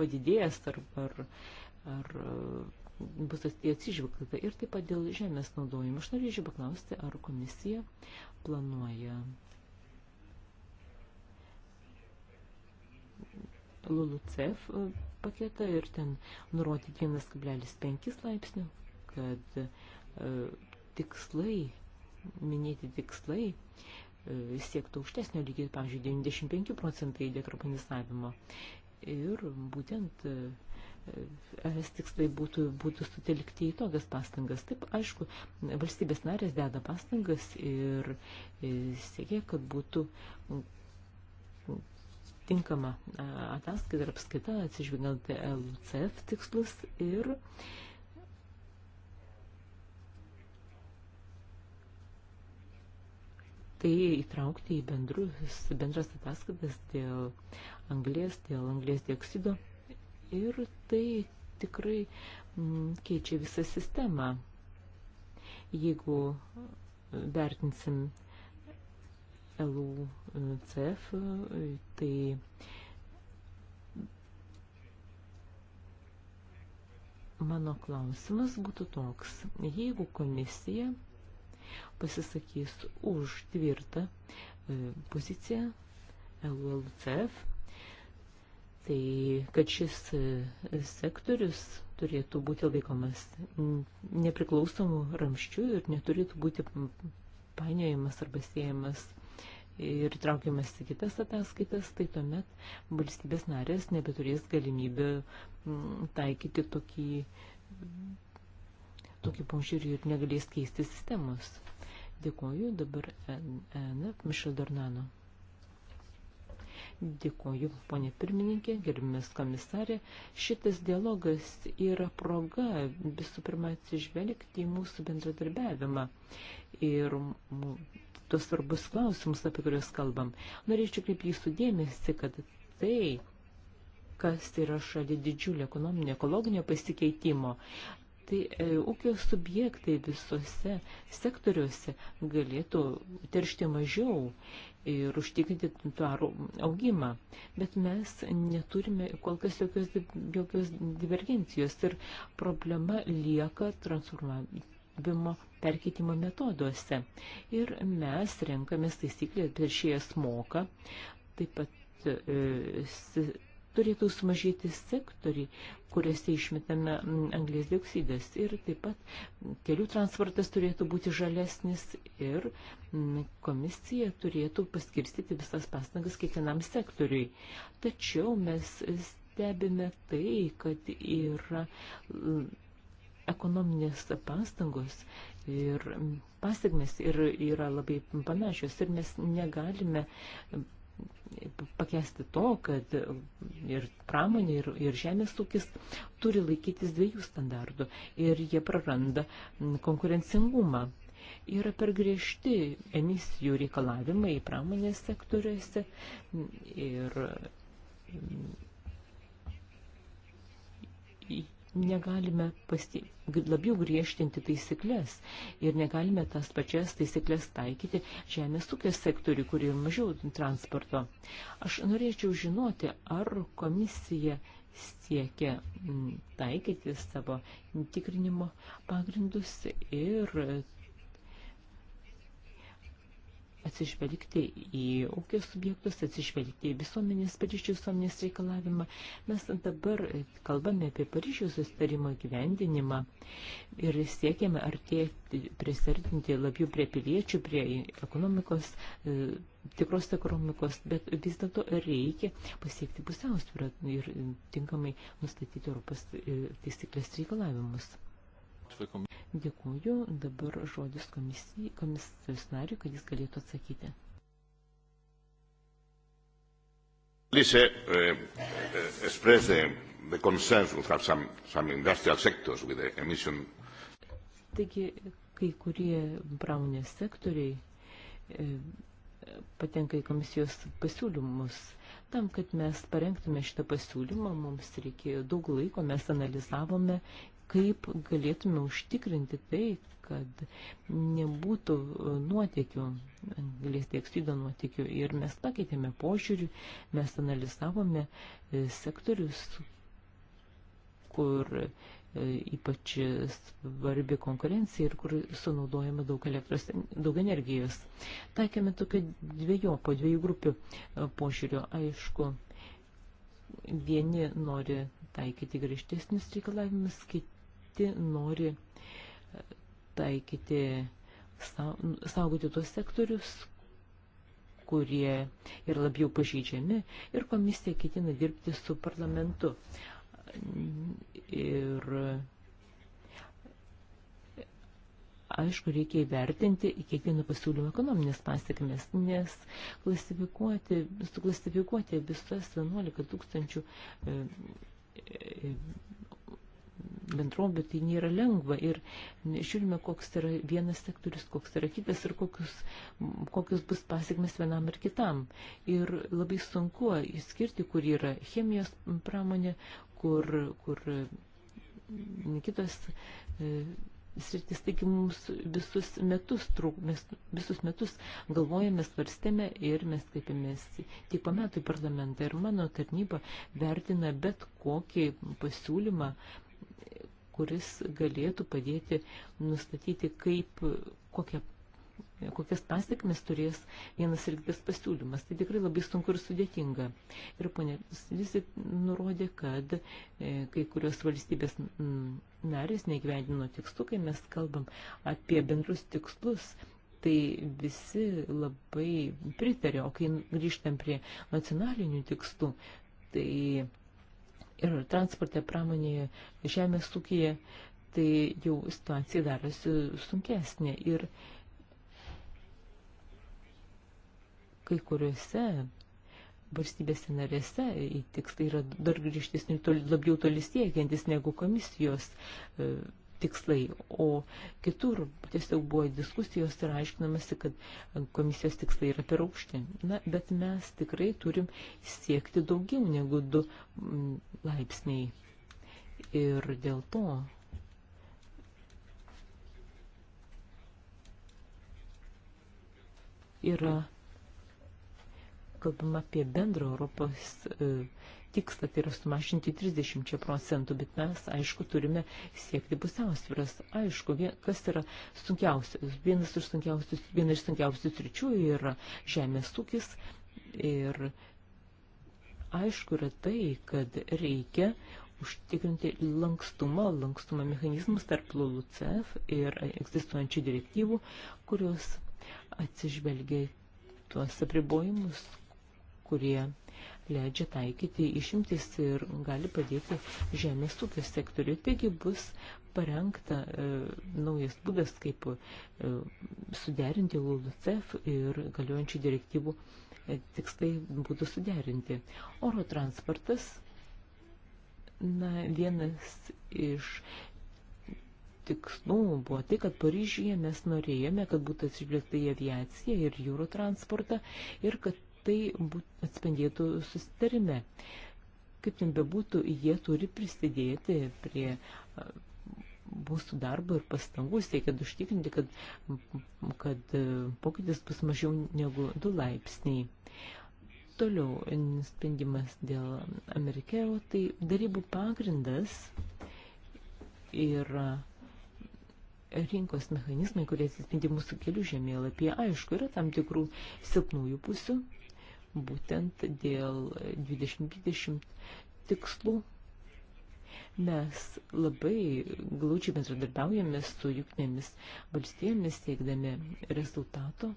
E: padidėjęs ar, ar, ar bus atsižvelgta ir taip pat dėl žemės naudojimo. Aš norėčiau paklausti, ar komisija planuoja LULUCEF e, paketą ir ten nurodyti 1,5 laipsnių, kad e, tikslai, minėti tikslai, e, siektų aukštesnio lygio, pavyzdžiui, 95 procentai dekarbonizavimo. Ir būtent e, es tikslai būtų, būtų sutelkti į tokias pastangas. Taip, aišku, valstybės narės deda pastangas ir e, siekia, kad būtų tinkama ataskaita ir apskaita atsižvelgiant LCF tikslus ir tai įtraukti į bendrus, bendras ataskaitas dėl anglės, dėl anglės dioksido. Dėl ir tai tikrai mm, keičia visą sistemą. Jeigu e, vertinsim LUCF, e, tai mano klausimas būtų toks. Jeigu komisija pasisakys už tvirtą e, poziciją LULCF, Tai kad šis e, sektorius turėtų būti laikomas nepriklausomų ramščių ir neturėtų būti painiojamas arba siejamas ir traukiamas į kitas ataskaitas, tai tuomet valstybės narės nebeturės galimybę taikyti tokį, tokį požiūrį ir negalės keisti sistemos. Dėkuoju dabar NF Mišel Dornano. Dėkuoju, ponė pirmininkė, gerbimis komisarė. Šitas dialogas yra proga visų pirma atsižvelgti į mūsų bendradarbiavimą ir tos svarbus klausimus, apie kuriuos kalbam. Norėčiau kaip jūsų dėmesį, kad tai, kas yra šalia didžiulio ekonominio, ekologinio pasikeitimo, tai e, ūkio subjektai visose sektoriuose galėtų teršti mažiau ir užtikrinti tvarų augimą. Bet mes neturime kol kas jokios, jokios divergencijos ir problema lieka transformavimo perkeitimo metoduose. Ir mes renkamės taisyklės, bet šie jas moka. Taip pat e, turėtų sumažėti sektoriai, kuriuose išmetame mm, anglės dioksidas. Ir taip pat kelių transportas turėtų būti žalesnis ir mm, komisija turėtų paskirstyti visas pastangas kiekvienam sektoriui. Tačiau mes stebime tai, kad yra mm, ekonominės pastangos ir pasiekmes ir yra labai panašios ir mes negalime pakesti to, kad ir pramonė, ir, ir žemės ūkis turi laikytis dviejų standartų ir jie praranda konkurencingumą. Yra per griežti emisijų reikalavimai pramonės sektoriuose ir negalime pasti, labiau griežtinti taisyklės ir negalime tas pačias taisyklės taikyti žemės ūkio sektoriui, kur yra mažiau transporto. Aš norėčiau žinoti, ar komisija siekia taikyti savo tikrinimo pagrindus ir atsižvelgti į ūkio subjektus, atsižvelgti į visuomenės, Paryžiaus visuomenės reikalavimą. Mes dabar kalbame apie Paryžiaus sustarimo gyvendinimą ir siekiame artėti, prisertinti labiau prie piliečių, prie ekonomikos, e, tikros ekonomikos, bet vis dėlto reikia pasiekti pusiausvyrą ir tinkamai nustatyti Europos e, taisyklės reikalavimus. Dėkuoju, dabar žodis komisijos nariui, kad jis galėtų atsakyti.
D: Lise, uh, eh, eh, express the, the concerns we have some, some industrial sectors with the emission.
E: Taigi, kai kurie pramonės sektoriai eh, patenka į komisijos pasiūlymus. Tam, kad mes parengtume šitą pasiūlymą, mums reikėjo daug laiko, mes analizavome kaip galėtume užtikrinti tai, kad nebūtų nuotikių, anglės dioksido nuotikių. Ir mes pakeitėme požiūrį, mes analizavome e, sektorius, kur e, ypač svarbi konkurencija ir kur sunaudojame daug elektros, daug energijos. Taikėme tokio dviejo, po dviejų grupių e, požiūrio. Aišku, vieni nori taikyti griežtesnius reikalavimus, kiti pati nori e, taikyti, saugoti tuos sektorius, kurie yra labiau pažydžiami ir komisija ketina dirbti su parlamentu. Ir aišku, reikia įvertinti kiekvieną pasiūlymą ekonominės pasiekmes, nes klasifikuoti, suklasifikuoti visas 11 tūkstančių e, e, bendrovių, tai nėra lengva. Ir žiūrime, koks yra vienas sektorius, koks yra kitas ir kokius, kokius bus pasiekmes vienam ir kitam. Ir labai sunku įskirti, kur yra chemijos pramonė, kur, kur mm, kitos. E, sritis, taigi mums visus metus trūk, mes visus metus galvojame, svarstėme ir mes kreipėmės tik po metų į parlamentą. Ir mano tarnyba vertina bet kokį pasiūlymą, kuris galėtų padėti nustatyti, kaip, kokia, kokias pasiekmes turės vienas ir kitas pasiūlymas. Tai tikrai labai sunku ir sudėtinga. Ir ponė, visi nurodė, kad e, kai kurios valstybės narės negyvendino tikslų, kai mes kalbam apie bendrus tikslus, tai visi labai pritarė, o kai grįžtam prie nacionalinių tikslų, tai ir transporte, pramonėje, žemės ūkyje, tai jau situacija darosi sunkesnė. Ir kai kuriuose valstybėse narėse tikslai yra dar grįžtesni ir toli, labiau tolis siekiantis negu komisijos e, tikslai, o kitur tiesiog buvo diskusijos ir aiškinamasi, kad komisijos tikslai yra per aukšti. Na, bet mes tikrai turim siekti daugiau negu 2 mm, laipsniai. Ir dėl to yra kalbama apie bendrą Europos e, tikslą, tai yra sumažinti 30 procentų, bet mes, aišku, turime siekti pusiausvyras. Aišku, kas yra sunkiausias? Vienas iš sunkiausių, viena iš sunkiausių sričių yra žemės ūkis ir aišku yra tai, kad reikia užtikrinti lankstumą, lankstumą mechanizmus tarp LULUCF ir egzistuojančių direktyvų, kurios atsižvelgia tuos apribojimus, kurie leidžia taikyti išimtis ir gali padėti žemės ūkio sektoriu. Taigi bus parengta e, naujas būdas, kaip e, suderinti LULUCEF ir galiojančių direktyvų e, tikslai būtų suderinti. Oro transportas, na, vienas iš tikslų buvo tai, kad Paryžyje mes norėjome, kad būtų atsižvelgta į aviaciją ir jūrų transportą ir kad tai atspindėtų susitarime. Kaip ten bebūtų, jie turi prisidėti prie mūsų darbo ir pastangų siekiant užtikrinti, kad, kad e, pokytis bus mažiau negu 2 laipsniai. Toliau sprendimas dėl Amerikero, tai darybų pagrindas yra rinkos mechanizmai, kurie atsispindi mūsų kelių žemėlapyje. Aišku, yra tam tikrų silpnųjų pusių, būtent dėl 2020 tikslų. Mes labai glaučiai bendradarbiaujame su juknėmis valstybėmis siekdami rezultato,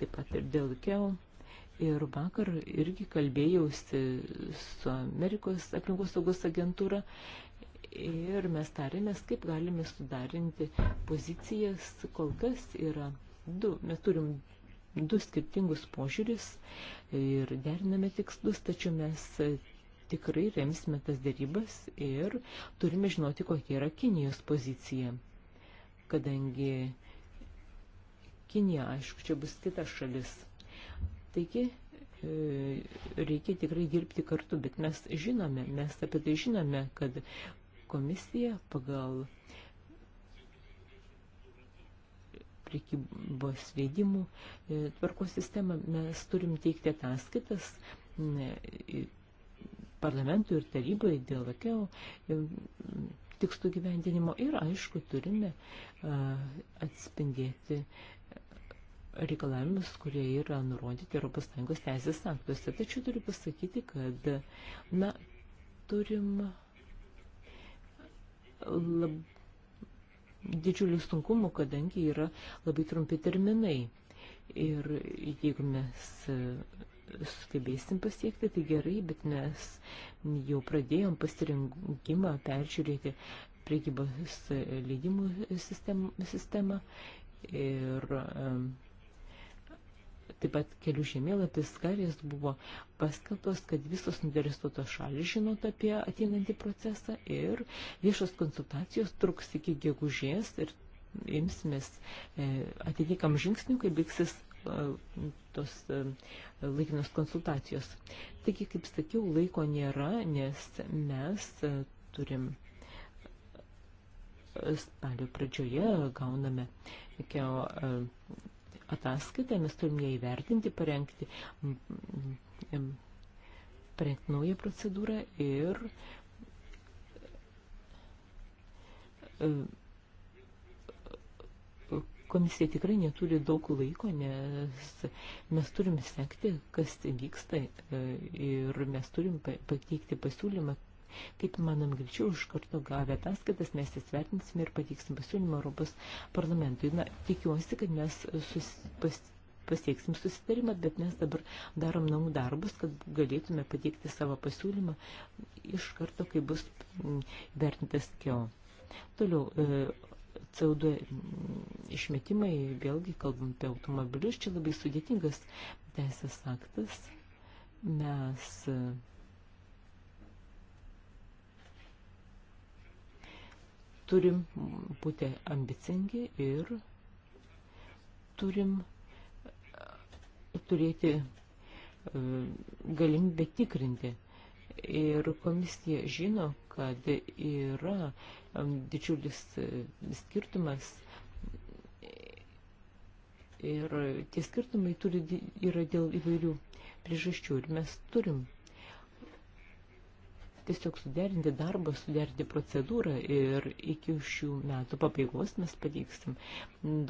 E: taip pat ir dėl KEO. Ir vakar irgi kalbėjausi su Amerikos aplinkos saugos agentūra ir mes tarėmės, kaip galime sudarinti pozicijas. Kol kas yra du, mes turim du skirtingus požiūris ir deriname tikslus, tačiau mes e, tikrai remsime tas darybas ir turime žinoti, kokia yra Kinijos pozicija. Kadangi Kinija, aišku, čia bus kita šalis. Taigi, e, reikia tikrai dirbti kartu, bet mes žinome, mes apie tai žinome, kad komisija pagal prikybos veidimų e, tvarkos sistemą, mes turim teikti ataskaitas e, parlamentui ir tarybai dėl akeo tikslų gyvendinimo ir aišku turime atspindėti reikalavimus, kurie yra nurodyti ES teisės aktuose. Tačiau turiu pasakyti, kad na, turim labai didžiulių sunkumų, kadangi yra labai trumpi terminai. Ir jeigu mes e, sugebėsim pasiekti, tai gerai, bet mes jau pradėjom pasirinkimą peržiūrėti priekybos leidimų sistemą ir e, taip pat kelių žemėlapis karės buvo paskelbtos, kad visos interesuotos šalis žinot apie ateinantį procesą ir viešos konsultacijos truks iki gegužės ir imsimės e, atitikam žingsnių, kai baigsis e, tos e, laikinos konsultacijos. Taigi, kaip sakiau, laiko nėra, nes mes turim spalio pradžioje gauname keo ataskaitą, mes turim ją įvertinti, parengti, parengti naują procedūrą ir e, komisija tikrai neturi daug laiko, nes mes turim sekti, kas vyksta e, ir mes turim pateikti pasiūlymą, Kaip manom greičiau, iš karto gavę ataskaitas mes įsvertinsime ir pateiksim pasiūlymą Europos parlamentui. Na, tikiuosi, kad mes sus, pas, pasieksim susitarimą, bet mes dabar darom namų darbus, kad galėtume pateikti savo pasiūlymą iš karto, kai bus vertintas KEO. Toliau, e, CO2 išmetimai, vėlgi kalbam apie automobilius, čia labai sudėtingas teisės aktas. Mes turim būti ambicingi ir turim e, turėti e, galimybę tikrinti. Ir komisija žino, kad yra e, didžiulis skirtumas ir tie skirtumai turi, yra dėl įvairių priežasčių ir mes turim tiesiog suderinti darbą, suderinti procedūrą ir iki šių metų pabaigos mes pateiksim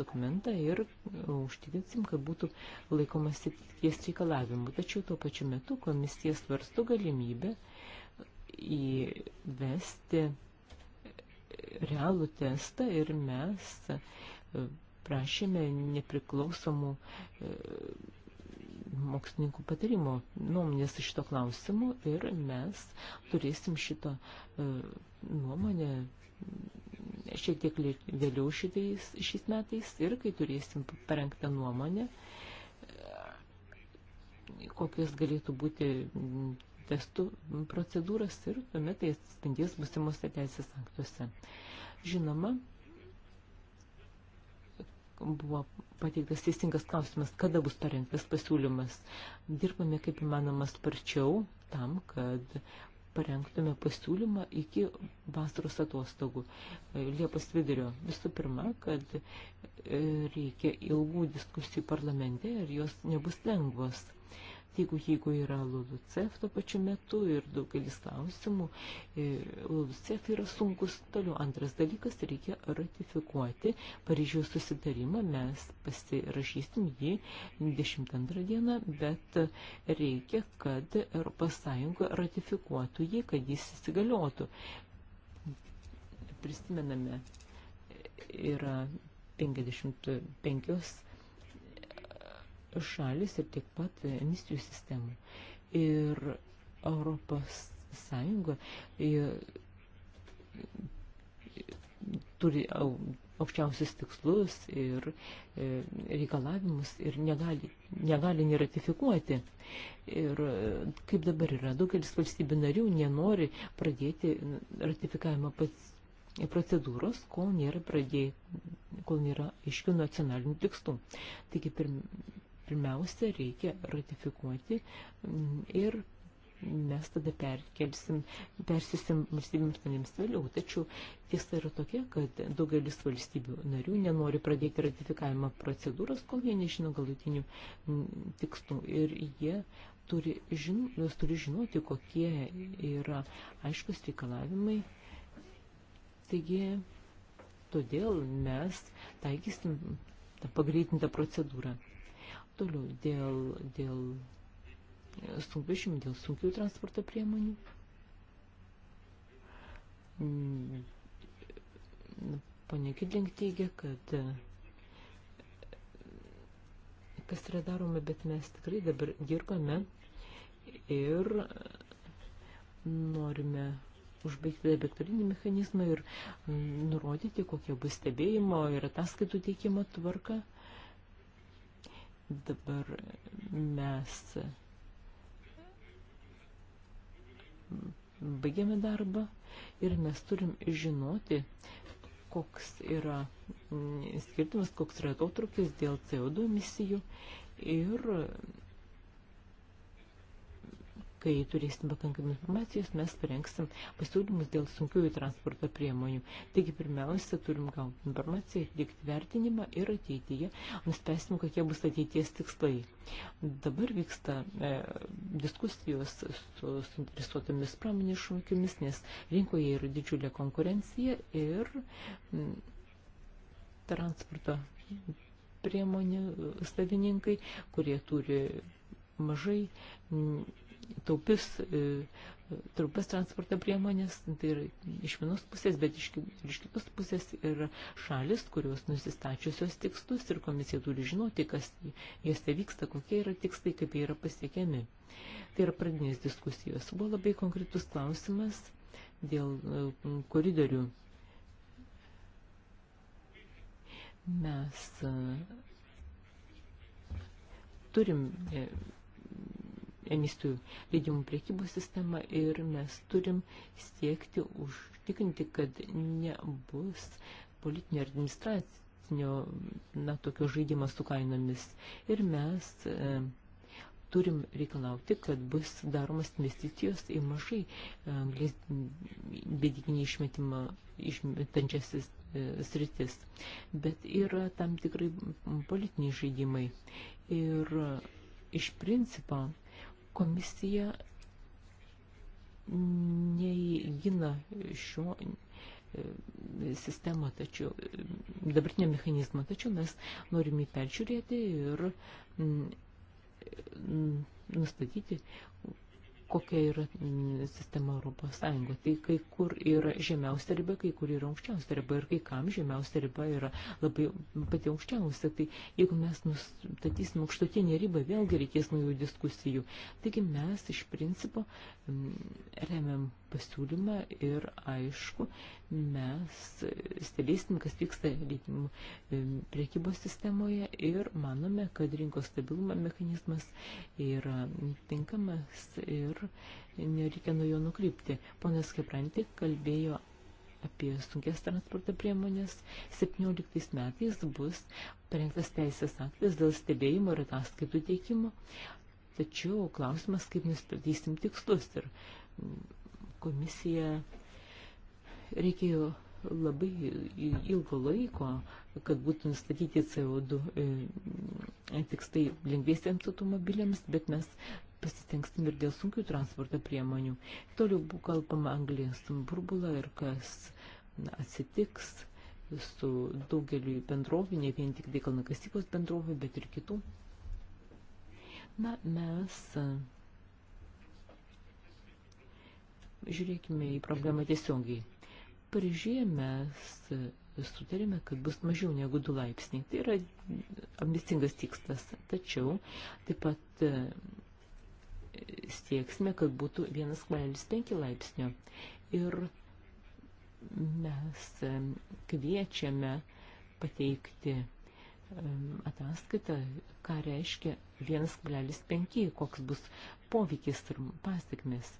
E: dokumentą ir užtikrinsim, kad būtų laikomasi ties reikalavimų. Tačiau tuo pačiu metu komisija svarsto galimybę įvesti realų testą ir mes prašėme nepriklausomų mokslininkų patarimo nuomonės šito klausimu ir mes turėsim šitą e, nuomonę šiek tiek vėliau šitais, šiais metais ir kai turėsim parengtą nuomonę, e, kokios galėtų būti testų procedūras ir tuomet tai atspindės būsimuose teisės aktuose. Žinoma, buvo pateiktas teisingas klausimas, kada bus parengtas pasiūlymas. Dirbame kaip įmanoma sparčiau tam, kad parengtume pasiūlymą iki vasaros atostogų e, Liepos vidurio. Visų pirma, kad e, reikia ilgų diskusijų parlamente ir jos nebus lengvos jeigu, jeigu yra LULUCEF tuo pačiu metu ir daugelis klausimų, e, LULUCEF yra sunkus toliau. Antras dalykas, reikia ratifikuoti Paryžiaus susitarimą, mes pasirašysim jį 22 dieną, bet reikia, kad ES ratifikuotų jį, kad jis įsigaliotų. Prisimename, yra 55 šalis ir tiek pat emisijų sistemų. Ir Europos Sąjunga e, turi aukščiausius tikslus ir e, reikalavimus ir negali, negali neratifikuoti. Ir e, kaip dabar yra, daugelis valstybių narių nenori pradėti ratifikavimo procedūros, kol nėra, pradėj, kol nėra aiškių nacionalinių tikslų. Taigi pirmiausia, pirmiausia reikia ratifikuoti mm, ir mes tada perkelsim, persisim valstybėms narėms vėliau. Tačiau tiesa yra tokia, kad daugelis valstybių narių nenori pradėti ratifikavimo procedūros, kol jie nežino galutinių mm, tikslų. Ir jie turi, žin, jos turi žinoti, kokie yra aiškus reikalavimai. Taigi, todėl mes taikysim tą pagreitintą procedūrą. Toliau dėl, dėl e, sunkvežimių, dėl sunkių transporto priemonių. Pane mm, Kidling teigia, kad e, kas yra daroma, bet mes tikrai dabar dirbame ir e, norime užbaigti vektorinį mechanizmą ir mm, nurodyti, kokia bus stebėjimo ir ataskaitų teikimo tvarka. Dabar mes baigiame darbą ir mes turim žinoti, koks yra mm, skirtumas, koks yra atotrukis dėl CO2 emisijų ir kai turėsim pakankamai informacijos, mes parengsim pasiūlymus dėl sunkiųjų transporto priemonių. Taigi, pirmiausia, turim gauti informaciją, atlikti vertinimą ir ateityje nuspręsim, kokie bus ateities tikslai. Dabar vyksta e, diskusijos su suinteresuotomis pramonės šūkimis, nes rinkoje yra didžiulė konkurencija ir m, transporto priemonių savininkai, kurie turi mažai m, taupius, e, trumpas transporto priemonės, tai yra iš vienos pusės, bet iš, iš kitos pusės yra šalis, kurios nusistačiusios tikslus ir komisija turi žinoti, kas jose vyksta, kokie yra tikslai, kaip jie yra pasiekiami. Tai yra pradinės diskusijos. Buvo labai konkretus klausimas dėl e, koridorių. Mes e, turim emisijų leidimų priekybos sistemą ir mes turim siekti užtikrinti, kad nebus politinio ir administracinio na, tokio žaidimo su kainomis. Ir mes e, turim reikalauti, kad bus daromas investicijos į mažai e, anglės bėdiginį išmetimą išmetančiasis e, sritis. Bet yra tam tikrai politiniai žaidimai. Ir e, iš principo Komisija neįgina šio e, sistemą, tačiau e, dabartinio mechanizmą, tačiau mes norime peržiūrėti ir mm, e, nustatyti, kokia yra mm, sistema Europos Sąjungo. Tai kai kur yra žemiausia riba, kai kur yra aukščiausia riba ir kai kam žemiausia riba yra labai pati aukščiausia. Tai jeigu mes nustatysim aukštutinį ribą, vėlgi reikės naujų diskusijų. Taigi mes iš principo mm, remiam pasiūlymą ir aišku, mes stebėsim, kas vyksta leidimų e, priekybos sistemoje ir manome, kad rinkos stabilumo mechanizmas yra tinkamas ir nereikia nuo jo nukrypti. Ponas Kepranti kalbėjo apie sunkės transporto priemonės. 17 metais bus parengtas teisės aktas dėl stebėjimo ir ataskaitų teikimo. Tačiau klausimas, kaip nustatysim tikslus ir komisija reikėjo labai ilgo laiko, kad būtų nustatyti CO2 e, tikslai lengviesiems automobiliams, bet mes pasitengsim ir dėl sunkių transporto priemonių. Toliau buvo kalbama anglės burbulą ir kas na, atsitiks su daugeliu bendrovių, ne vien tik Deikalnakasybos bendrovių, bet ir kitų. Na, mes e, žiūrėkime į problemą tiesiogiai Paryžyje mes sutarėme, kad bus mažiau negu 2 laipsniai. Tai yra ambicingas tikslas. Tačiau taip pat e, sieksime, kad būtų 1,5 laipsnio. Ir mes e, kviečiame pateikti e, ataskaitą, ką reiškia 1,5, koks bus poveikis ir pasiekmes.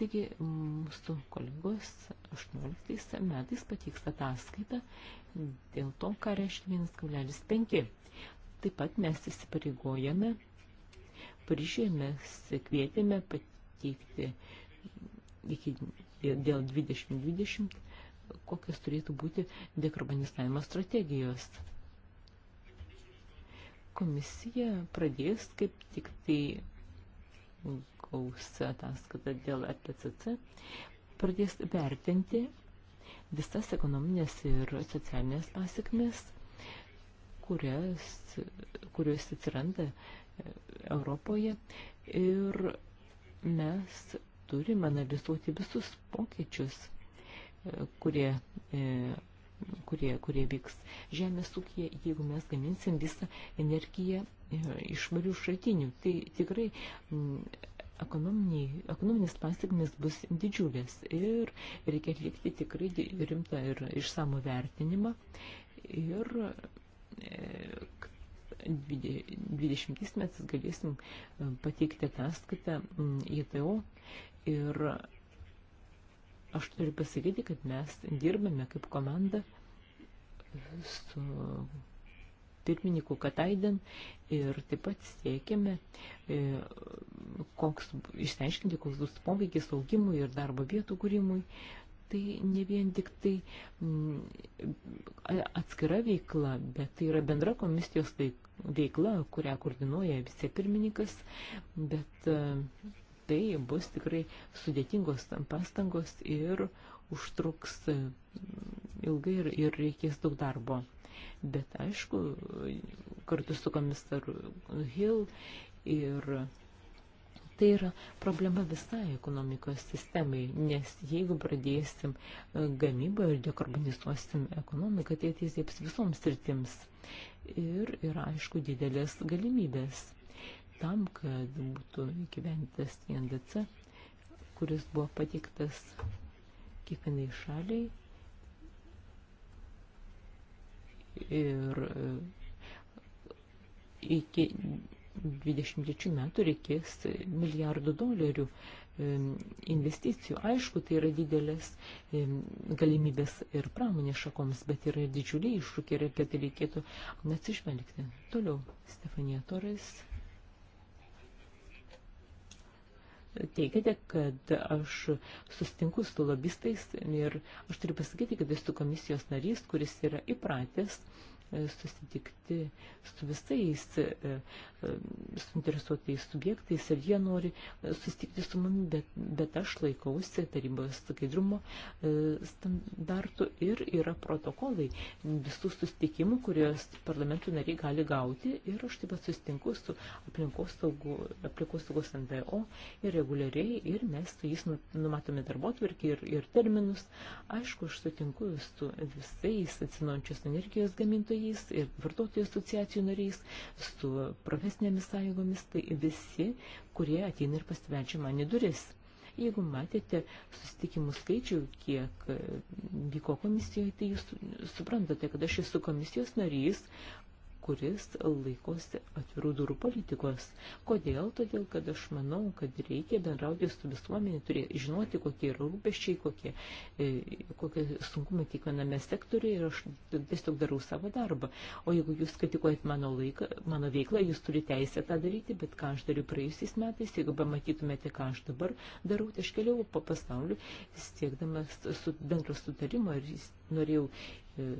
E: Taigi mūsų kolegos 18 metais patiks ataskaitą dėl to, ką reiškia 1,5. Taip pat mes įsipareigojame, Paryžiuje kvietėme pateikti iki, dėl 2020, kokios turėtų būti dekarbonizavimo strategijos komisija pradės kaip tik tai žmogaus ataskaita dėl RTCC pradės vertinti visas ekonominės ir socialinės pasiekmes, kurios, kurios atsiranda e, Europoje ir mes turime analizuoti visus pokyčius, e, kurie, e, kurie, kurie vyks žemės ūkija, jeigu mes gaminsim visą energiją iš švarių šaltinių. Tai tikrai ekonominės pasiekmes bus didžiulės ir reikia atlikti tikrai rimtą ir išsamų vertinimą ir 20 e, metais galėsim e, pateikti ataskaitą ITO ir aš turiu pasakyti, kad mes dirbame kaip komanda su pirmininku Kataiden ir taip pat siekėme e, koks, išsiaiškinti, koks bus poveikis augimui ir darbo vietų kūrimui. Tai ne vien tik tai mm, atskira veikla, bet tai yra bendra komisijos veikla, kurią koordinuoja vice pirmininkas, bet e, tai bus tikrai sudėtingos pastangos ir užtruks e, ilgai ir, ir reikės daug darbo. Bet aišku, kartu su komisaru Hill ir tai yra problema visai ekonomikos sistemai, nes jeigu pradėsim e, gamybą ir dekarbonizuosim ekonomiką, tai ateisėps visoms sritims. Ir yra aišku didelės galimybės tam, kad būtų įgyventas NDC, kuris buvo patiktas kiekvienai šaliai ir e, iki 23 metų reikės milijardų dolerių e, investicijų. Aišku, tai yra didelės e, galimybės ir pramonės šakoms, bet yra didžiuliai iššūkiai ir apie tai reikėtų atsižvelgti. Toliau, Stefanija Torais. teigiate, kad aš sustinku su lobistais ir aš turiu pasakyti, kad esu komisijos narys, kuris yra įpratęs susitikti dirbti su visais e, e, suinteresuotais subjektais ir jie nori e, susitikti su mumis, bet, bet aš laikausi tarybos skaidrumo standartų ir yra protokolai visų susitikimų, kurios parlamentų nariai gali gauti ir aš taip pat susitinku su aplinkos, saugų, aplinkos saugos NVO ir reguliariai ir mes su jais numatome darbotvarkį ir, ir terminus. Aišku, aš sutinku su visais atsinaujančios energijos gamintojais ir vartotojais darbuotojų asociacijų nariais, su profesinėmis sąjungomis, tai visi, kurie ateina ir pasiveldžia man į duris. Jeigu matėte susitikimų skaičių, kiek vyko komisijoje, tai jūs suprantate, kad aš esu komisijos narys, kuris laikosi atvirų durų politikos. Kodėl? Todėl, kad aš manau, kad reikia bendrauti su visuomenė, turi žinoti, kokie yra rūpeščiai, kokie, e, kokie sunkumai kiekviename sektoriuje ir aš tiesiog darau savo darbą. O jeigu jūs kritikuojat mano, laiką, mano veiklą, jūs turite teisę tą daryti, bet ką aš dariau praėjusiais metais, jeigu pamatytumėte, ką aš dabar darau, tai aš keliau po pasaulį siekdamas su, bendro sutarimo ir norėjau e,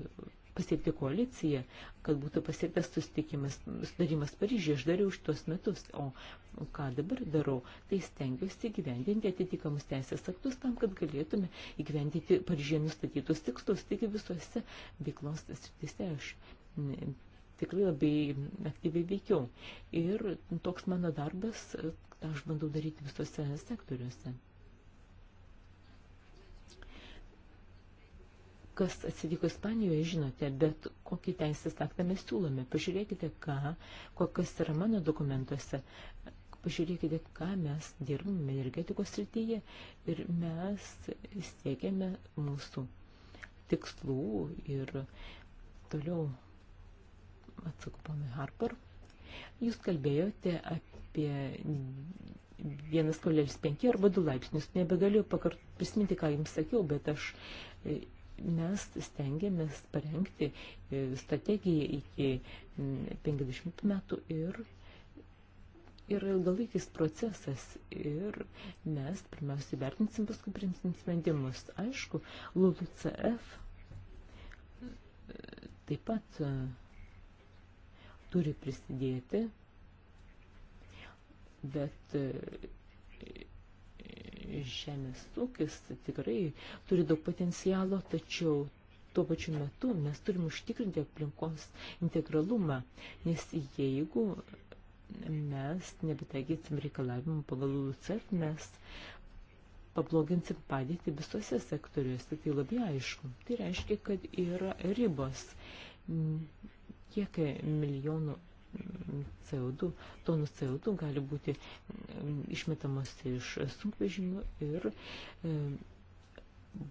E: pasiekti koaliciją, kad būtų pasiektas sustikimas, sudarimas Paryžiuje, aš dariau už tuos metus, o ką dabar darau, tai stengiuosi gyvendinti atitikamus teisės aktus tam, kad galėtume įgyvendinti Paryžiuje nustatytus tikslus, taigi visose veiklos srityse aš tikrai labai aktyviai veikiau. Ir toks mano darbas, tą aš bandau daryti visose sektoriuose. kas atsitiko Ispanijoje, žinote, bet kokį teisės aktą mes siūlome. Pažiūrėkite, ką, kas yra mano dokumentuose. Pažiūrėkite, ką mes dirbame energetikos srityje ir mes siekiame mūsų tikslų ir toliau atsakau ponui Harper. Jūs kalbėjote apie 1,5 arba 2 laipsnius. Nebegaliu pakart, prisiminti, ką jums sakiau, bet aš mes stengiamės parengti e, strategiją iki 50 metų ir yra ilgalaikis procesas ir mes pirmiausiai vertinsim, paskui priimsim sprendimus. Aišku, LULUCF e, taip pat e, turi prisidėti, bet žemės ūkis tai tikrai turi daug potencialo, tačiau tuo pačiu metu mes turim užtikrinti aplinkos integralumą, nes jeigu mes nebetaikysim reikalavimų pagal LUCEF, mes pabloginsim padėtį visose sektoriuose, tai labai aišku. Tai reiškia, kad yra ribos, kiek milijonų CO2, tonus CO2 gali būti mm, išmetamos iš sunkvežimių ir e,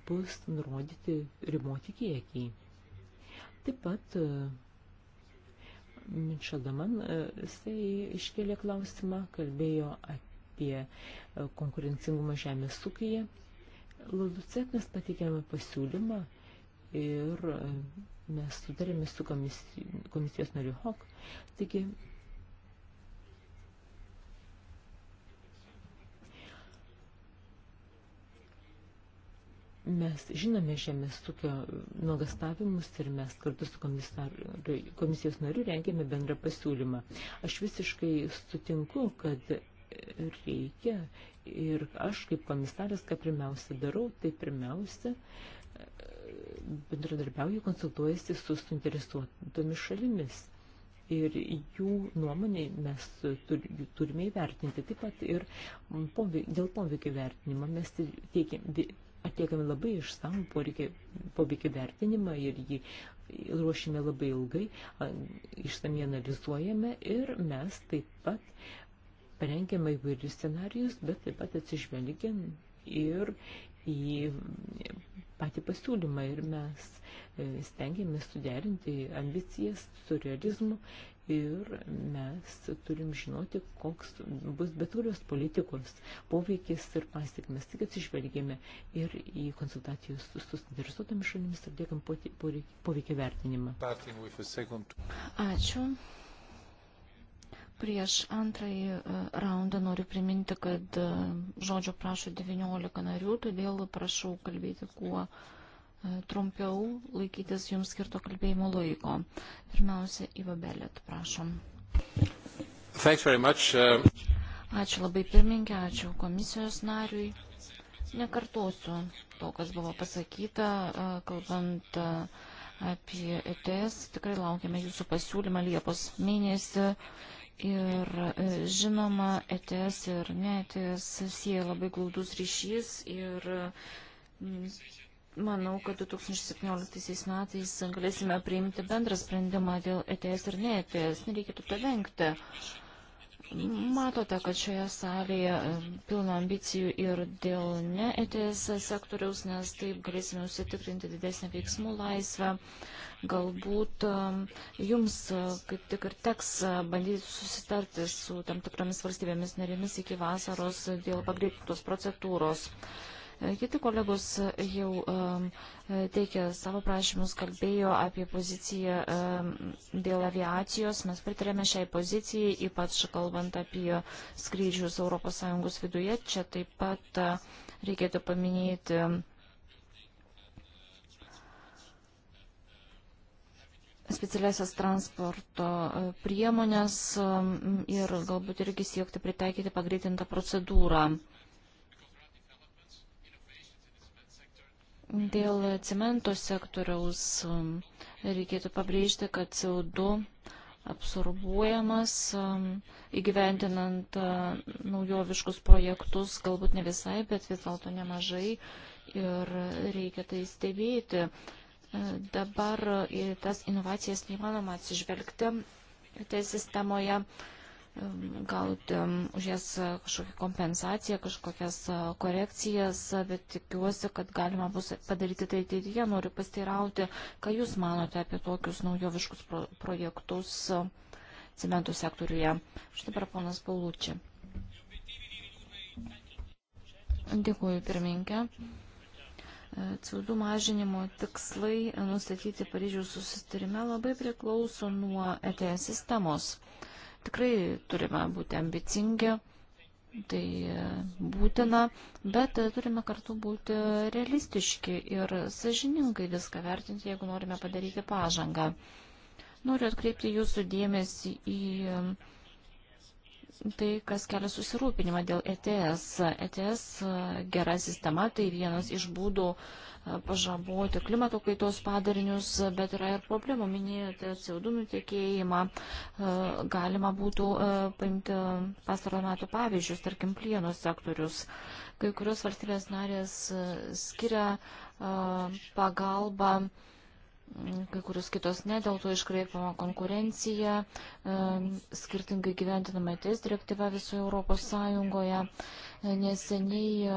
E: bus nurodyti riboti kiekiai. Taip pat e, Minšadaman, e, jisai iškėlė klausimą, kalbėjo apie konkurencingumą žemės ūkyje. Laducek mes pateikėme pasiūlymą ir e, mes sudarėme su komisijos, komisijos nariu HOK. Taigi, mes žinome žemės ūkio nuogastavimus ir mes kartu su komisijos nariu rengėme bendrą pasiūlymą. Aš visiškai sutinku, kad reikia ir aš kaip komisaras, ką pirmiausia darau, tai pirmiausia bendradarbiauja, konsultuojasi su suinteresuotomis šalimis. Ir jų nuomonė mes tur, jų turime įvertinti. Taip pat ir poveik, dėl poveikio vertinimo mes teikiam, atliekame labai išsamų poveikio vertinimą ir jį ruošime labai ilgai, išsamei analizuojame ir mes taip pat parengėme įvairius scenarius, bet taip pat atsižvelgiam ir į patį pasiūlymą ir mes e, stengiamės suderinti ambicijas su realizmu ir mes turim žinoti, koks bus beturios politikos poveikis ir pasiekmes. Tik atsižvelgėme ir į konsultacijos su suinteresuotomis šalimis ir dėkam poveikį vertinimą.
B: Ačiū. Prieš antrąjį e, raundą noriu priminti, kad e, žodžio prašo 19 narių, todėl prašau kalbėti kuo e, trumpiau, laikytis jums skirto kalbėjimo laiko. Pirmiausia, Iva Belėt, prašom.
A: Much, uh...
B: Ačiū labai pirmininkė, ačiū komisijos nariui. Nekartosiu to, kas buvo pasakyta, kalbant apie ETS. Tikrai laukiame jūsų pasiūlymą Liepos mėnesį Ir e, žinoma, ETS ir ne ETS sieja labai glaudus ryšys ir mm, manau, kad 2017 metais galėsime priimti bendrą sprendimą dėl ETS ir ne ETS. Nereikėtų to vengti. Matote, kad šioje salėje e, pilna ambicijų ir dėl ne ETS sektoriaus, nes taip galėsime užsitikrinti didesnį veiksmų laisvę. Galbūt e, jums e, kaip tik ir teks bandyti susitarti su tam tikromis valstybėmis narėmis iki vasaros dėl pagreitintos procedūros. Kiti kolegos jau um, teikė savo prašymus, kalbėjo apie poziciją um, dėl aviacijos. Mes pritarėme šiai pozicijai, ypač kalbant apie skrydžius ES viduje. Čia taip pat uh, reikėtų paminėti um, specialiasias transporto uh, priemonės ir galbūt irgi siekti pritaikyti pagreitintą procedūrą. Dėl cemento sektoriaus um, reikėtų pabrėžti, kad CO2 absorbuojamas um, įgyvendinant uh, naujoviškus projektus, galbūt ne visai, bet vis dėlto nemažai ir reikia tai stebėti. Uh, dabar į tas inovacijas neįmanoma atsižvelgti teisės sistemoje. sistemoje gauti už jas e, kažkokią kompensaciją, kažkokias e, korekcijas, e, bet tikiuosi, kad galima bus padaryti tai ateityje. Noriu pasteirauti, ką Jūs manote apie tokius naujoviškus pro projektus cementų sektoriuje. Štai per ponas Paulučiai. Dėkuoju, pirmininkė. CO2 mažinimo tikslai nustatyti Paryžiaus susitarime labai priklauso nuo ETS sistemos. Tikrai turime būti ambicingi, tai būtina, bet turime kartu būti realistiški ir sažiningai viską vertinti, jeigu norime padaryti pažangą. Noriu atkreipti jūsų dėmesį į tai, kas kelia susirūpinimą dėl ETS. ETS gera sistema, tai vienas iš būdų pažaboti klimato kaitos padarinius, bet yra ir problemų, minėjote CO2 nutekėjimą, galima būtų paimti pastarojo metų pavyzdžius, tarkim, plieno sektorius. Kai kurios valstybės narės skiria pagalbą Mm, kai kurios kitos ne, dėl to iškreipiama konkurencija, skirtingai gyventinama ties direktyva visoje Europos Sąjungoje. E, neseniai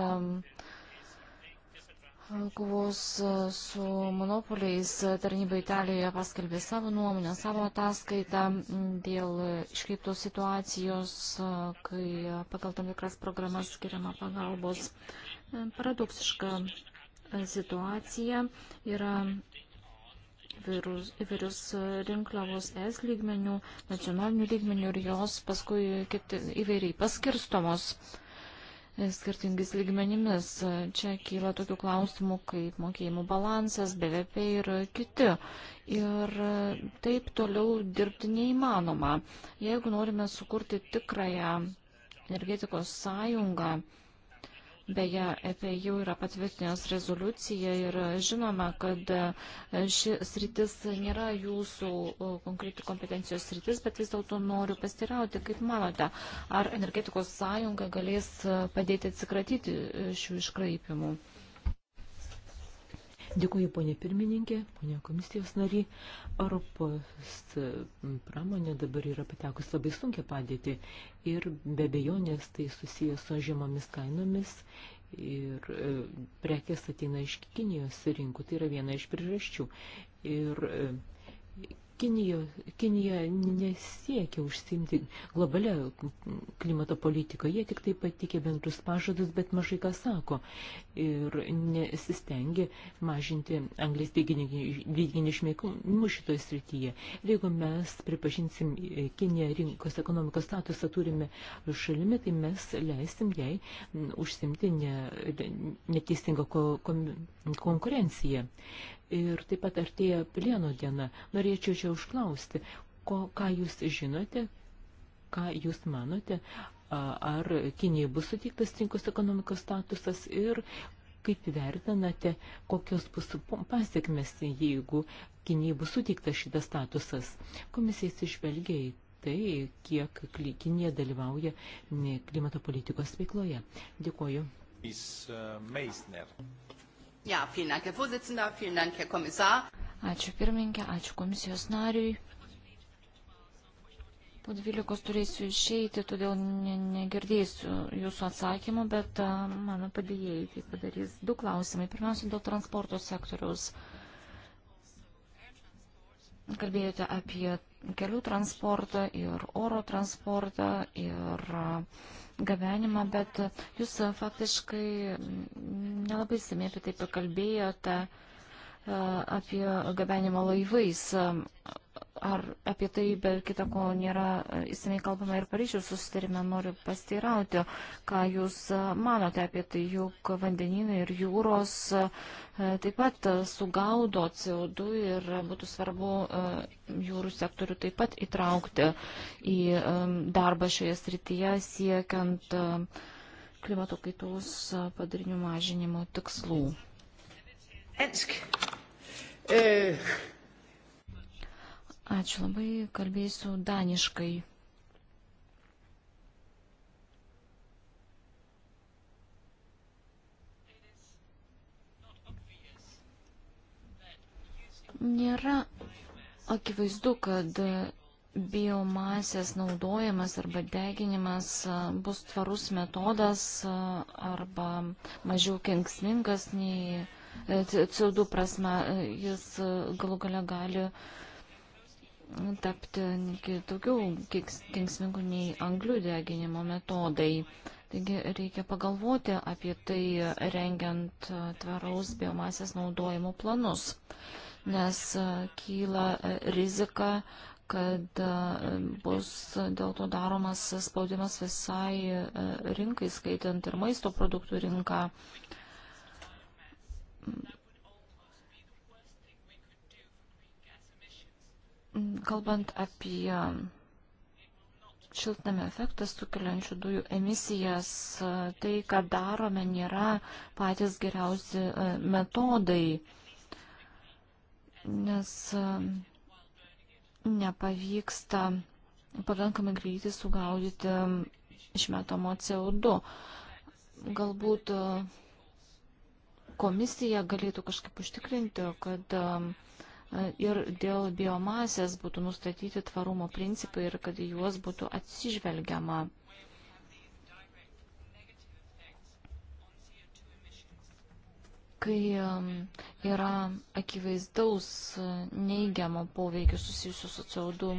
B: kovos e, su monopoliais tarnyba Italijoje paskelbė savo nuomonę, savo ataskaitą mm, dėl iškreiptos situacijos, e, kai pagal tam tikras programas skiriama pagalbos. Paradoksiška situacija yra įvairius, įvairius rinkliavus es lygmenių, nacionalinių lygmenių ir jos paskui kiti, įvairiai paskirstomos skirtingais lygmenimis. Čia kyla tokių klausimų kaip mokėjimų balansas, BVP ir kiti. Ir taip toliau dirbti neįmanoma. Jeigu norime sukurti tikrąją energetikos sąjungą, Beje, apie jau yra patvirtinęs rezoliucija ir žinoma, kad ši sritis nėra jūsų konkretų kompetencijos sritis, bet vis dėlto noriu pastirauti, kaip manote, ar energetikos sąjunga galės padėti atsikratyti šių iškraipimų.
E: Dėkuoju, ponė pirmininkė, ponė komisijos nary. Europos pramonė dabar yra patekus labai sunkia padėti ir be bejonės tai susijęs su žemomis kainomis ir e, prekės ateina iš Kinijos rinkų, tai yra viena iš priežasčių. Ir e, Kinijo, Kinija nesiekia užsimti globalią klimato politiką, jie tik tai patikė bendrus pažadus, bet mažai ką sako ir nesistengia mažinti anglės dviginį išmėgimų šitoje srityje. Ir jeigu mes pripažinsim Kiniją rinkos ekonomikos statusą turime šalimi, tai mes leisim jai užsimti ne, neteisingą ko, kom, konkurenciją ir taip pat artėja plieno diena. Norėčiau čia užklausti, ko, ką jūs žinote, ką jūs manote, ar Kinijai bus suteiktas rinkos ekonomikos statusas ir kaip vertinate, kokios bus pasiekmes, jeigu Kinijai bus suteiktas šitas statusas. Komisijas išvelgia į tai, kiek Kinija dalyvauja klimato politikos veikloje.
B: Dėkoju.
C: Uh, Meisner. Ja, vielen Dank, Herr Vorsitzender, vielen Dank, Herr Kommissar.
B: Ačiū pirmininkė, ačiū komisijos nariui. Po 12 turėsiu išeiti, todėl negirdėsiu jūsų atsakymų, bet mano padėjėjai tai padarys du klausimai. Pirmiausia, dėl transporto sektoriaus. Kalbėjote apie kelių transportą, ir oro transportą, ir gabenimą, bet jūs faktiškai nelabai simiai apie tai pakalbėjote apie gabenimą laivais. Ar apie tai, be kita ko, nėra e, įsimei kalbama ir Paryžiaus susitarime, noriu pasteirauti, ką Jūs e, manote apie tai, juk vandeninai ir jūros e, taip pat sugaudo CO2 ir būtų svarbu jūrų sektorių taip pat įtraukti į darbą šioje srityje siekiant klimato kaitos padarinių mažinimo tikslų. Ensk.
A: Uh. E...
B: Ačiū labai, kalbėsiu daniškai. Nėra akivaizdu, kad biomasės naudojimas arba deginimas bus tvarus metodas arba mažiau kenksmingas nei CO2 prasme, jis galų gale gali tapti daugiau kenksmingų nei anglių deginimo metodai. Taigi reikia pagalvoti apie tai, rengiant tvaraus biomasės naudojimo planus, nes kyla rizika, kad bus dėl to daromas spaudimas visai rinkai, skaitant ir maisto produktų rinką Kalbant apie šiltnamio efektą sukeliančių dujų emisijas, tai, ką darome, nėra patys geriausi e, metodai, nes e, nepavyksta pakankamai greitai sugaudyti išmetamo CO2. Galbūt e, komisija galėtų kažkaip užtikrinti, kad ir dėl biomasės būtų nustatyti tvarumo principai ir kad į juos būtų atsižvelgiama. Kai um, yra akivaizdaus uh, neigiamo poveikio susijusiu su CO2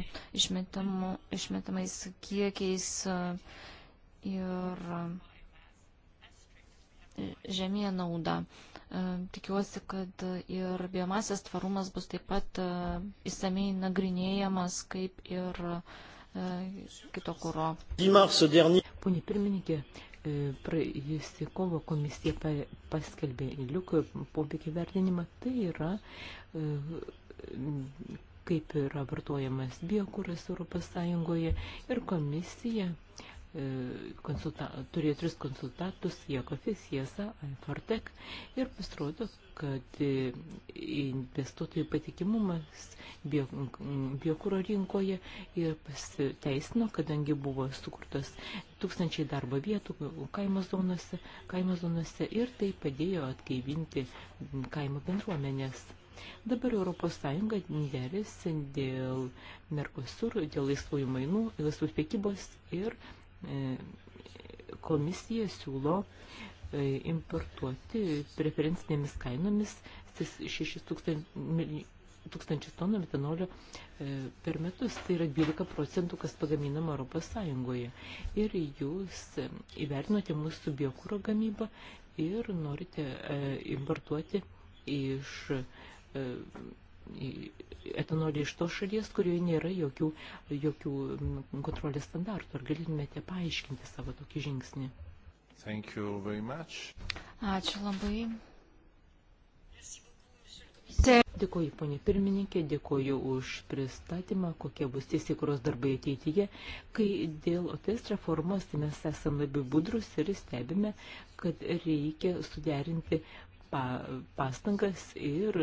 B: išmetamais kiekiais uh, ir uh, žemė nauda. E, tikiuosi, kad ir biomasės tvarumas bus taip pat e, įsamei nagrinėjamas kaip ir e, kito kūro.
E: Pone pirmininkė, praėjusi kovo komisija paskelbė liukų poveikį vertinimą. Tai yra kaip yra vartojamas biokuras Europos Sąjungoje ir komisija E, konsulta, turėjo tris konsultatus, Jakofis, Jesa, Fortek ir pasirodo, kad e, investuotojų patikimumas biokūro rinkoje ir pasiteisino, kadangi buvo sukurtas tūkstančiai darbo vietų kaimo zonose, kaimo zonose ir tai padėjo atgaivinti kaimo bendruomenės. Dabar Europos Sąjunga derėsi dėl Merkosur, dėl laisvųjų mainų, laisvų pekybos ir E, komisija siūlo e, importuoti preferencinėmis kainomis 6 tūkstančius tonų metanolio e, per metus, tai yra 12 procentų, kas pagaminama Europos Sąjungoje. Ir jūs įvertinote mūsų biokūro gamybą ir norite importuoti iš etanolį iš tos šalies, kurioje nėra jokių, jokių mm, kontrolės standartų. Ar galėtumėte paaiškinti savo tokį žingsnį?
A: Thank you very much.
B: Ačiū labai.
E: Dėkuoju, ponė pirmininkė, dėkuoju už pristatymą, kokie bus teisėkuros darbai ateityje, kai dėl OTS reformos tai mes esame labai budrus ir stebime, kad reikia suderinti pa, pastangas ir,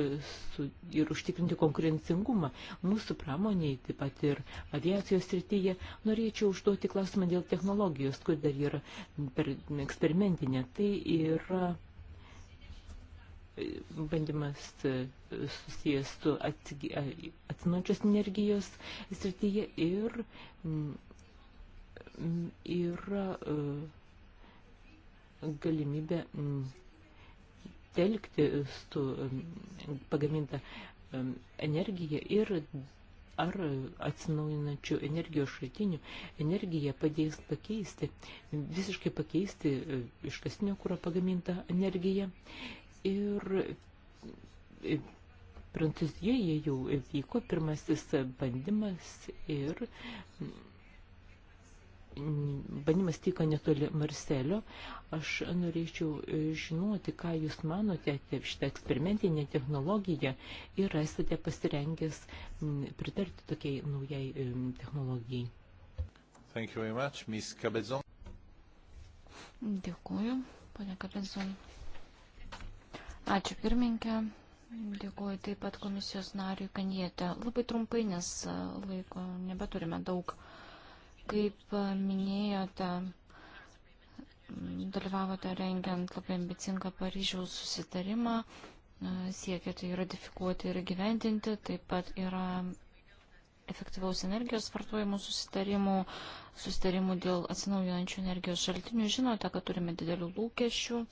E: su, ir užtikrinti konkurencingumą mūsų pramoniai, taip pat ir aviacijos srityje. Norėčiau užduoti klausimą dėl technologijos, kur dar yra per, eksperimentinė. Tai yra e, bandymas e, susijęs su atsinaujančios energijos srityje ir mm, yra e, galimybė mm, telkti stu, pagamintą energiją ir ar atsinaujinančių energijos šaltinių energija padės pakeisti, visiškai pakeisti e, iškastinio kūro pagamintą energiją. Ir e, Prancūzijoje jau vyko pirmasis bandymas ir Mm, banimas tyko netoli Marselio. Aš norėčiau e, žinoti, ką Jūs manote apie šitą eksperimentinę technologiją ir esate pasirengęs mm, pritarti tokiai naujai e, technologijai.
A: Thank you very much, Ms. Cabezon.
B: Dėkuoju, ponia Cabezon. Ačiū pirmininkė. Dėkuoju taip pat komisijos nariui Kanjėte. Labai trumpai, nes e, laiko nebeturime daug. Uh, Kaip minėjote, dalyvavote rengiant labai ambicingą Paryžiaus susitarimą, siekėte jį ratifikuoti ir gyvendinti, taip pat yra efektyvaus energijos vartojimo susitarimų, susitarimų dėl atsinaujinančių energijos šaltinių. Žinote, kad turime didelių lūkesčių.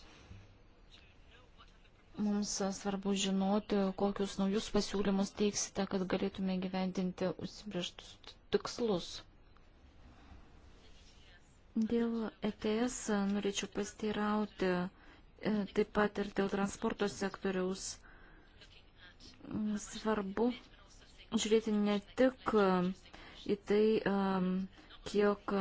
B: Mums svarbu žinoti, kokius naujus pasiūlymus teiksite, kad galėtume gyvendinti užsibrieštus tikslus. Dėl ETS norėčiau pasteirauti e, taip pat ir dėl transporto sektoriaus. Mm, svarbu žiūrėti ne tik e, į tai, e, kiek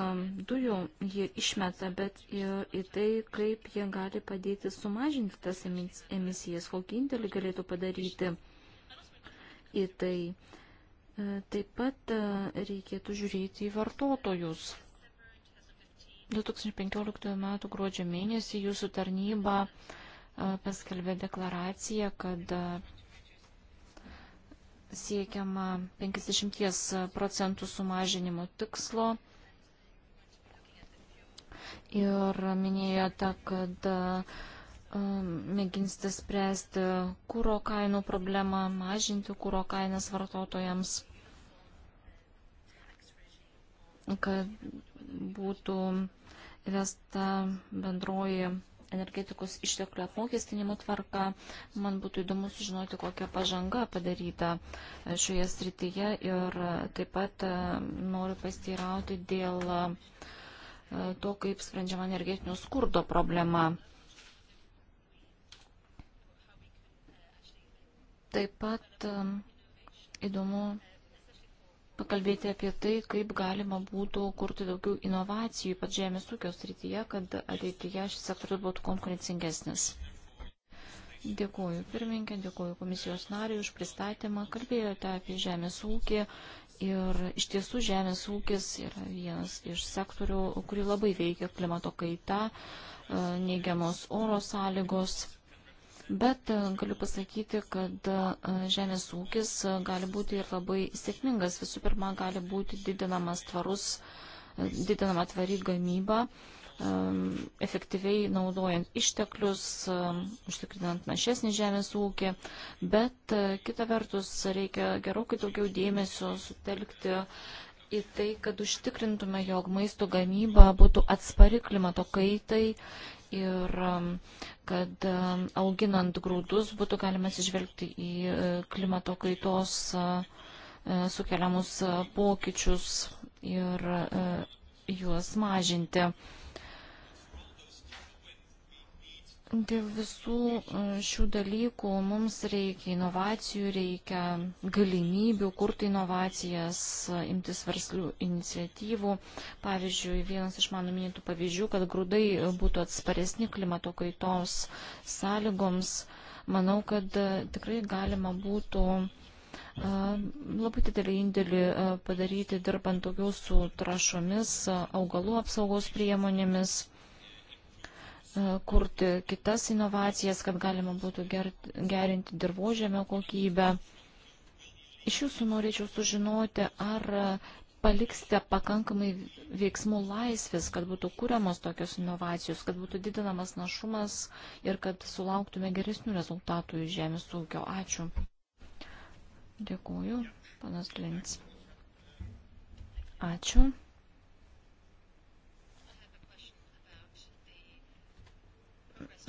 B: dujų jie išmeta, bet ir į tai, kaip jie gali padėti sumažinti tas emisijas, kokį indėlį galėtų padaryti į tai. Taip pat reikėtų žiūrėti į vartotojus. 2015 m. gruodžio mėnesį jūsų tarnyba paskelbė deklaraciją, kad siekiama 50 procentų sumažinimo tikslo. Ir minėjote, kad mėginsite spręsti kūro kainų problemą, mažinti kūro kainas vartotojams, kad būtų įvesta bendroji energetikos išteklių apmokestinimo tvarka. Man būtų įdomu sužinoti, kokia pažanga padaryta šioje srityje ir taip pat e, noriu pasteirauti dėl e, to, kaip sprendžiama energetinio skurdo problema. Taip pat e, įdomu pakalbėti apie tai, kaip galima būtų kurti daugiau inovacijų, ypač žemės ūkio srityje, kad ateityje šis sektorius būtų konkurencingesnis. Dėkuoju pirmininkė, dėkuoju komisijos nariui už pristatymą. Kalbėjote apie žemės ūkį ir iš tiesų žemės ūkis yra vienas iš sektorių, kurį labai veikia klimato kaita, neigiamos oro sąlygos Bet e, galiu pasakyti, kad e, žemės ūkis e, gali būti ir labai sėkmingas. Visų pirma, gali būti didinamas tvarus, didinama tvari gamyba, efektyviai naudojant išteklius, užtikrinant našesnį žemės ūkį. Bet kita vertus, reikia gerokai daugiau dėmesio sutelkti į tai, kad užtikrintume, jog maisto gamyba būtų atspari klimato kaitai ir um, kad um, auginant grūdus būtų galima atsižvelgti į uh, klimato kaitos uh, uh, sukeliamus pokyčius ir juos mažinti. Dėl visų e, šių dalykų mums reikia inovacijų, reikia galimybių kurti inovacijas, e, imtis verslių iniciatyvų. Pavyzdžiui, vienas iš mano minėtų pavyzdžių, kad grūdai būtų atsparesni klimato kaitos sąlygoms, manau, kad e, tikrai galima būtų labai didelį indėlį padaryti dirbant daugiau su trašomis, augalų apsaugos priemonėmis E, kurti kitas inovacijas, kad galima būtų gerinti dirbožėmio kokybę. Iš jūsų norėčiau sužinoti, ar paliksite pakankamai veiksmų laisvės, kad būtų kūriamos tokios inovacijos, kad būtų didinamas našumas ir kad sulauktume geresnių rezultatų iš žemės ūkio. Ačiū. Dėkuoju, panas Lins. Ačiū.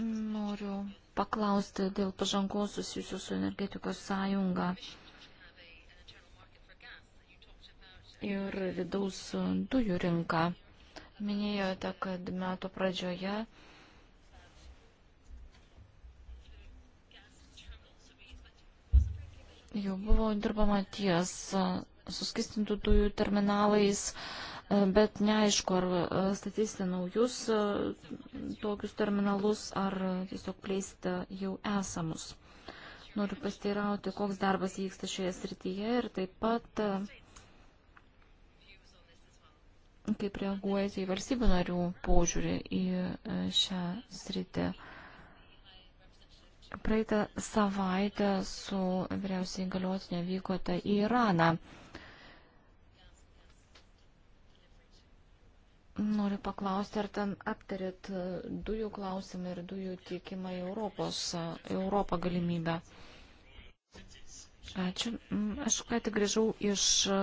B: Noriu paklausti dėl pažangos susijusių su energetikos sąjunga ir vidaus dujų rinka. Minėjote, kad metų pradžioje jau buvo dirbama ties suskistintų dujų terminalais, bet neaišku, ar e, statysite naujus e, tokius terminalus, ar e, tiesiog plėsite jau esamus. Noriu pasteirauti, koks darbas vyksta šioje srityje ir taip pat kaip reaguojate į valstybių narių požiūrį į šią sritį. Praeitą savaitę su vyriausiai galiotinė vykote į Iraną. Noriu paklausti, ar ten aptarėt e, dujų klausimą ir dujų tiekimą į Europos, e, Europą galimybę. Ačiū. Mm, aš ką tik grįžau iš e,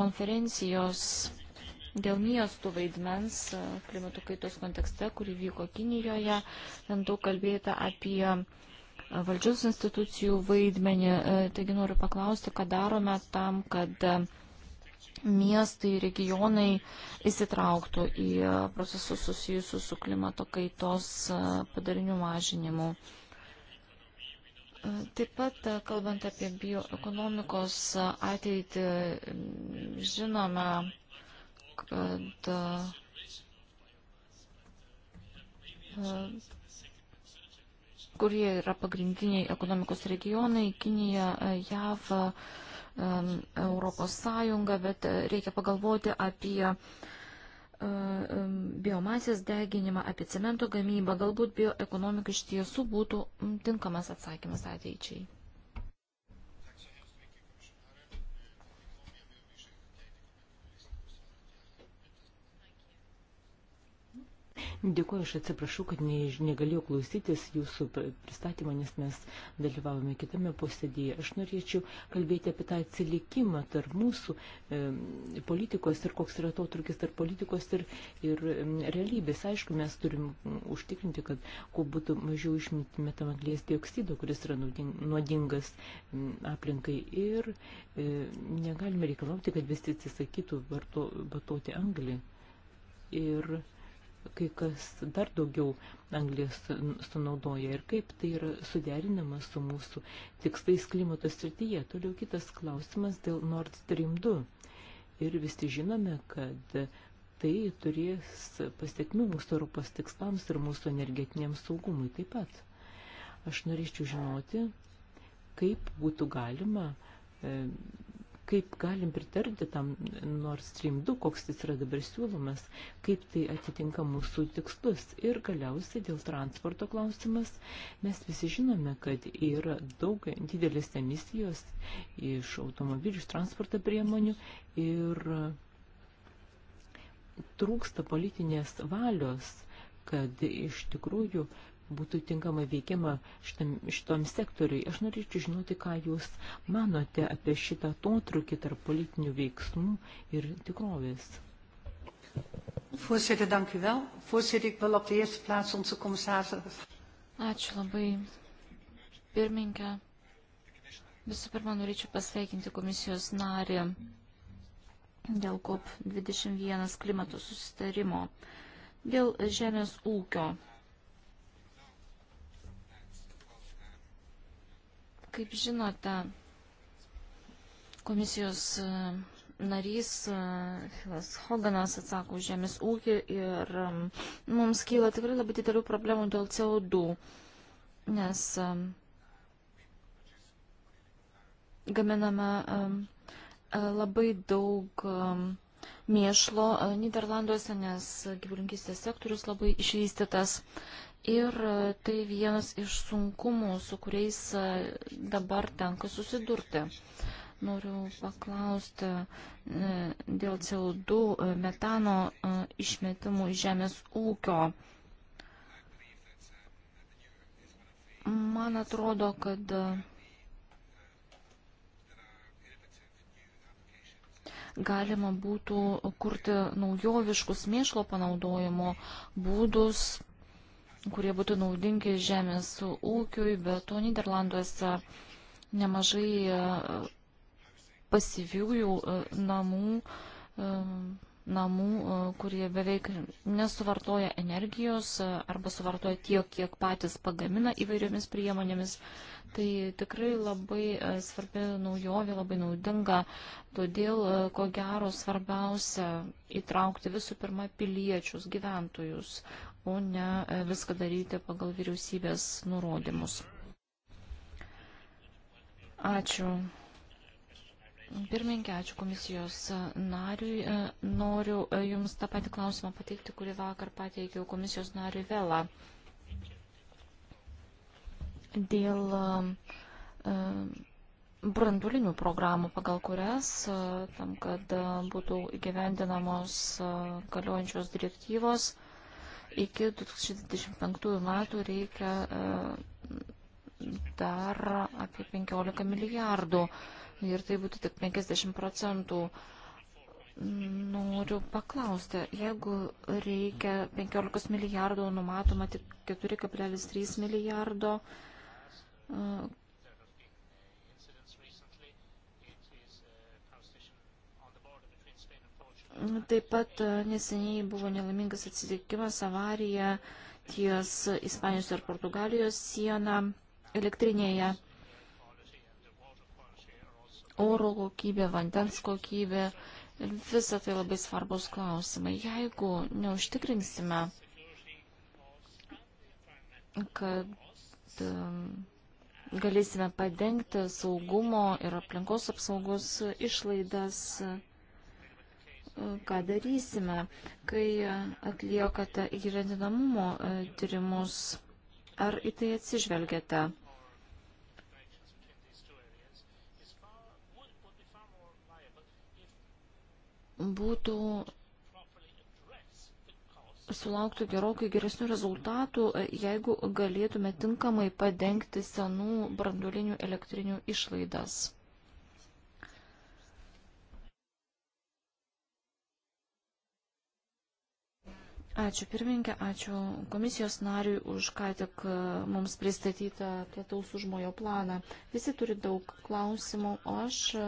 B: konferencijos dėl miestų vaidmens klimato kaitos kontekste, kuri vyko Kinijoje. Ten daug kalbėta apie valdžios institucijų vaidmenį. Taigi noriu paklausti, ką darome tam, kad miestai, regionai įsitrauktų į procesus susijusius su klimato kaitos e, padarinių mažinimu. E, taip pat, e, kalbant apie bioekonomikos ateitį, žinome, kad kurie yra pagrindiniai ekonomikos regionai - Kinija, JAV, Um, Europos Sąjungą, bet e, reikia pagalvoti apie e, um, biomasės deginimą, apie cemento gamybą. Galbūt bioekonomika iš tiesų būtų tinkamas atsakymas ateičiai.
E: Dėkuoju, aš atsiprašau, kad ne, negalėjau klausytis jūsų pristatymą, nes mes dalyvavome kitame posėdėje. Aš norėčiau kalbėti apie tą atsilikimą tarp mūsų e, politikos ir koks yra to trukis tarp politikos ir, ir realybės. Aišku, mes turim užtikrinti, kad kuo būtų mažiau išmetama anglės dioksido, kuris yra nuodingas aplinkai ir e, negalime reikalauti, kad visi atsisakytų varto, vartoti anglį. Ir kai kas dar daugiau anglės sunaudoja ir kaip tai yra suderinama su mūsų tikslais klimato srityje. Toliau kitas klausimas dėl Nord Stream 2. Ir visi žinome, kad tai turės pasiekmių mūsų Europos tikslams ir mūsų energetiniam saugumui taip pat. Aš norėčiau žinoti, kaip būtų galima e, kaip galim pritarti tam Nord Stream 2, koks jis yra dabar siūlomas, kaip tai atitinka mūsų tikslus. Ir galiausiai dėl transporto klausimas mes visi žinome, kad yra daug didelės emisijos iš automobilių, iš transporto priemonių ir trūksta politinės valios kad iš tikrųjų uh, būtų tinkama veikiama šitam, šitom sektoriui. Aš norėčiau žinoti, ką Jūs manote apie šitą totrukį tarp politinių veiksmų ir tikrovės.
C: Voorzitter, dank u wel. Voorzitter, ik wil op de eerste plaats onze commissaris.
B: Ačiū labai, pirmininkė. Visų pirma, norėčiau pasveikinti komisijos narį dėl COP21 klimato susitarimo. Dėl žemės ūkio Kaip žinote, komisijos e, narys Filas e, Hoganas atsako už žemės ūkį ir e, mums kyla tikrai labai didelių problemų dėl CO2, nes gaminame labai daug mėšlo Niderlanduose, nes gyvulinkistės sektorius labai išvystytas. Ir tai vienas iš sunkumų, su kuriais e, dabar tenka susidurti. Noriu paklausti e, dėl CO2 e, metano išmetimų žemės ūkio. Man atrodo, kad galima būtų kurti naujoviškus mėšlo panaudojimo būdus, kurie būtų naudingi žemės ūkiui, bet to Niderlanduose nemažai e, pasyviųjų e, namų, e, namų, kurie beveik nesuvartoja energijos arba suvartoja tiek, kiek patys pagamina įvairiomis priemonėmis. Tai tikrai labai svarbi naujovė, labai naudinga. Todėl, ko gero, svarbiausia įtraukti visų pirma piliečius, gyventojus, o ne e, viską daryti pagal vyriausybės nurodymus. Ačiū. Pirmininkė, ačiū komisijos nariui. E, noriu e, Jums tą patį klausimą pateikti, kurį vakar pateikiau komisijos nariui Vela. Dėl brandulinių programų, pagal kurias, tam, kad būtų įgyvendinamos galiojančios direktyvos, iki 2025 metų reikia e, dar apie 15 milijardų ir tai būtų tik 50 procentų. Noriu paklausti, jeigu reikia 15 milijardų, numatoma tik 4,3 milijardo, e, Taip pat e, neseniai buvo nelaimingas atsitikimas, avarija ties Ispanijos ir Portugalijos sieną elektrinėje. Oro kokybė, vandens kokybė, visa tai labai svarbus klausimai. Jeigu neužtikrinsime, kad e, galėsime padengti saugumo ir aplinkos apsaugos išlaidas, ką darysime, kai atliekate įgyvendinamumo e, tyrimus. Ar į tai atsižvelgiate? Būtų sulauktų gerokai geresnių rezultatų, e, jeigu galėtume tinkamai padengti senų brandulinių elektrinių išlaidas. Ačiū pirmininkė, ačiū komisijos nariui už ką tik e, mums pristatytą plataus užmojo planą. Visi turi daug klausimų, o aš e,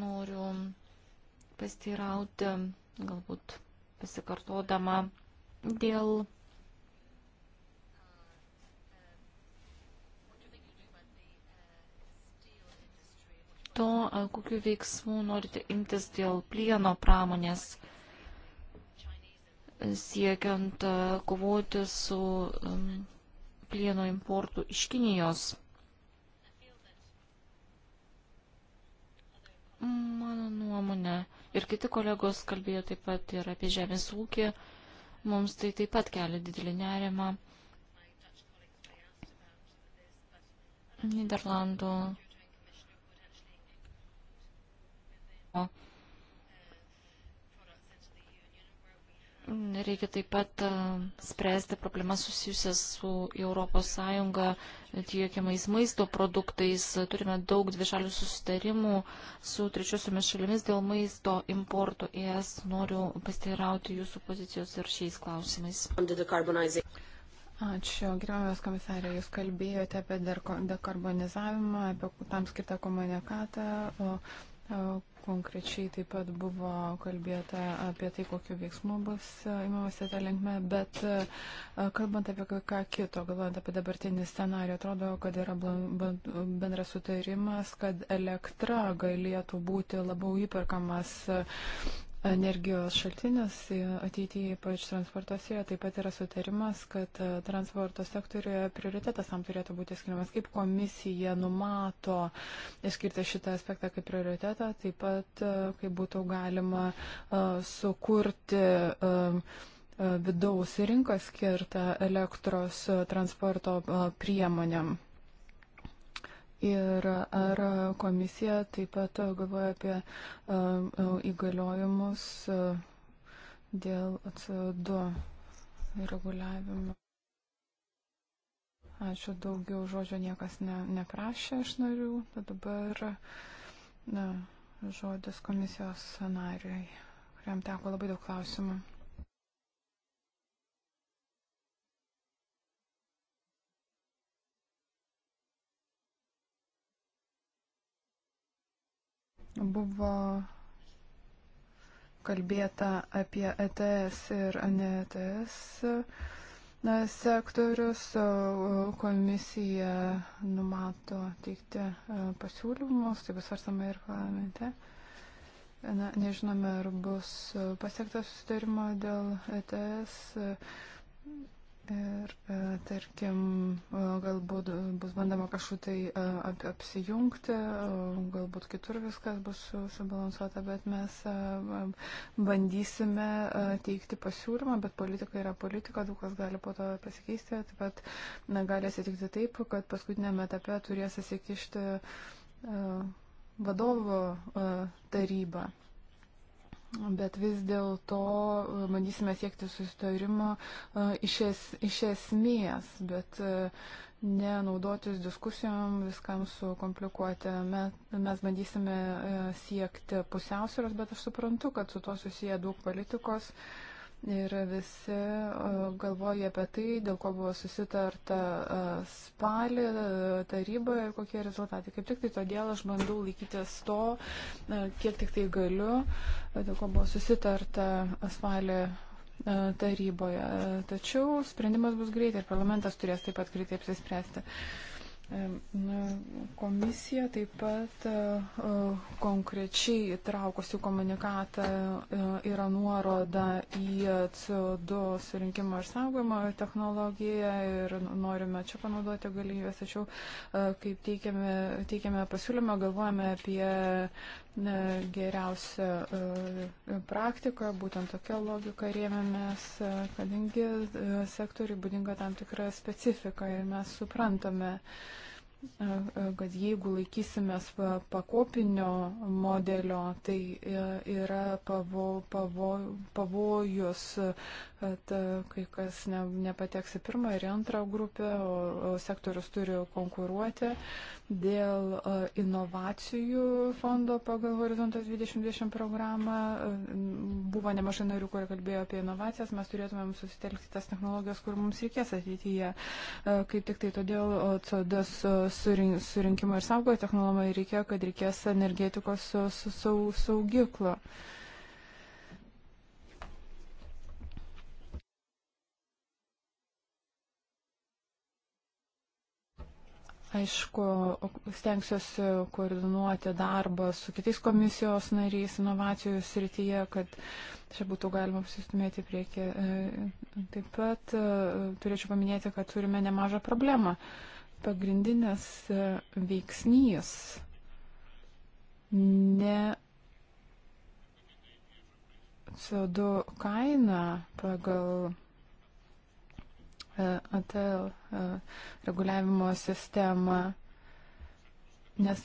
B: noriu pasteirauti, galbūt pasikartodama, dėl to, e, kokiu veiksmu norite imtis dėl plieno pramonės siekiant e, kovoti su plieno importu iš Kinijos. Mano nuomonė ir kiti kolegos kalbėjo taip pat ir apie žemės ūkį. Mums tai taip pat kelia didelį nerimą. Niderlandų Reikia taip pat spręsti problemas susijusias su ES tiekiamais maisto produktais. Turime daug dvišalių susitarimų su trečiosiomis šalimis dėl maisto importo. ES noriu
C: pasteirauti jūsų pozicijos ir šiais klausimais.
B: Ačiū,
C: gerbiamas komisarė, jūs kalbėjote apie dekarbonizavimą, apie tam skirtą komunikatą. O Konkrečiai taip pat buvo kalbėta apie tai, kokiu veiksmu bus įmamasi e, tą linkme, bet e, kalbant apie ką kito, galvojant apie dabartinį scenarių, atrodo, kad yra bendras sutarimas, kad elektra galėtų būti labiau įperkamas e, energijos šaltinis ateityje, ypač transporto srityje, taip pat yra sutarimas, kad e, transporto sektoriuje prioritetas tam turėtų būti skiriamas. Kaip komisija numato išskirti šitą aspektą kaip prioritetą, taip pat e, kaip būtų galima e, sukurti vidaus rinką skirtą elektros transporto priemonėm. Ir ar komisija taip pat galvoja apie įgaliojimus dėl CO2 reguliavimo? Ačiū, daugiau žodžio niekas ne, neprašė iš narių, bet dabar na, žodis komisijos nariui, kuriam teko labai daug klausimų. Buvo kalbėta apie ETS ir ne ETS sektorius. Komisija numato teikti e, pasiūlymus, tai bus svarstama ir parlamente. Na, nežinome, ar bus pasiektas susitarimo dėl ETS Ir, e, tarkim, e, galbūt bus bandama kažkaip tai e, ap, apsijungti, galbūt kitur viskas bus subalansuota, bet mes bandysime teikti pasiūlymą, bet politika yra politika, daug kas gali po to pasikeisti, taip pat na, gali atsitikti taip, kad paskutinėme etape turės įsikišti vadovo taryba. Bet vis dėlto e, bandysime siekti susitarimo e, iš, es, iš esmės, bet e, nenaudotis diskusijom, viskam sukomplikuoti. Mes, mes bandysime siekti pusiausvėros, bet aš suprantu, kad su to susiję daug politikos. Uh, Ir visi e, galvoja apie tai, dėl ko buvo susitarta e, spalį e, taryboje ir kokie rezultatai. Kaip tik tai todėl aš bandau laikytis to, kiek tik tai galiu, dėl ko buvo susitarta spalį taryboje. Tačiau sprendimas bus greitai ir parlamentas turės taip pat greitai apsispręsti. Uh, Komisija taip pat e, e, konkrečiai įtraukusių komunikatą e, yra nuoroda į CO2 surinkimo ir saugojimo technologiją ir norime čia panaudoti galimybės, tačiau kaip teikiame, teikiame pasiūlymą, galvojame apie geriausia e, praktika, būtent tokia logika rėmėmės, e, kadangi e, sektoriui būdinga tam tikra specifika ir mes suprantame, uh, kad jeigu laikysimės pakopinio modelio, tai e, yra pavo, pavo, pavojus, kad kai kas ne, nepateks į pirmą ir antrą grupę, o, o sektorius turi konkuruoti dėl inovacijų fondo pagal Horizontas 2020 programą. Buvo nemažai narių, kurie kalbėjo apie inovacijas, mes turėtumėm susitelkti tas technologijas, kur mums reikės ateityje. Kaip tik tai todėl CODAS surinkimo ir saugojo technologiją reikia, kad reikės energetikos saugiklo. Aišku, stengsiuosi koordinuoti darbą su kitais komisijos nariais inovacijų srityje, kad čia būtų galima pasistumėti prieki. E, taip pat e, turėčiau paminėti, kad turime nemažą problemą. Uh, pagrindinis e, veiksnys ne CO2 kaina pagal e, ATL e, reguliavimo sistemą, nes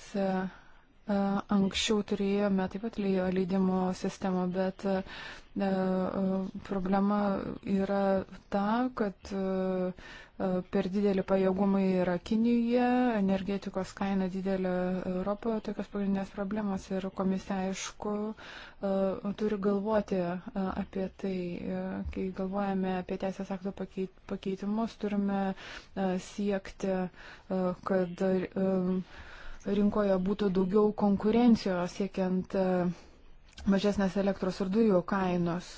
C: Anksčiau turėjome taip pat leidimo sistemą, bet problema yra ta, kad per didelį pajėgumą yra Kinijoje, energetikos kaina didelė Europoje, tokios pagrindinės problemos ir komisija aišku turi galvoti apie tai, kai galvojame apie teisės aktų pakeitimus, turime siekti, kad rinkoje būtų daugiau konkurencijos siekiant e, mažesnės elektros ir dujų kainos.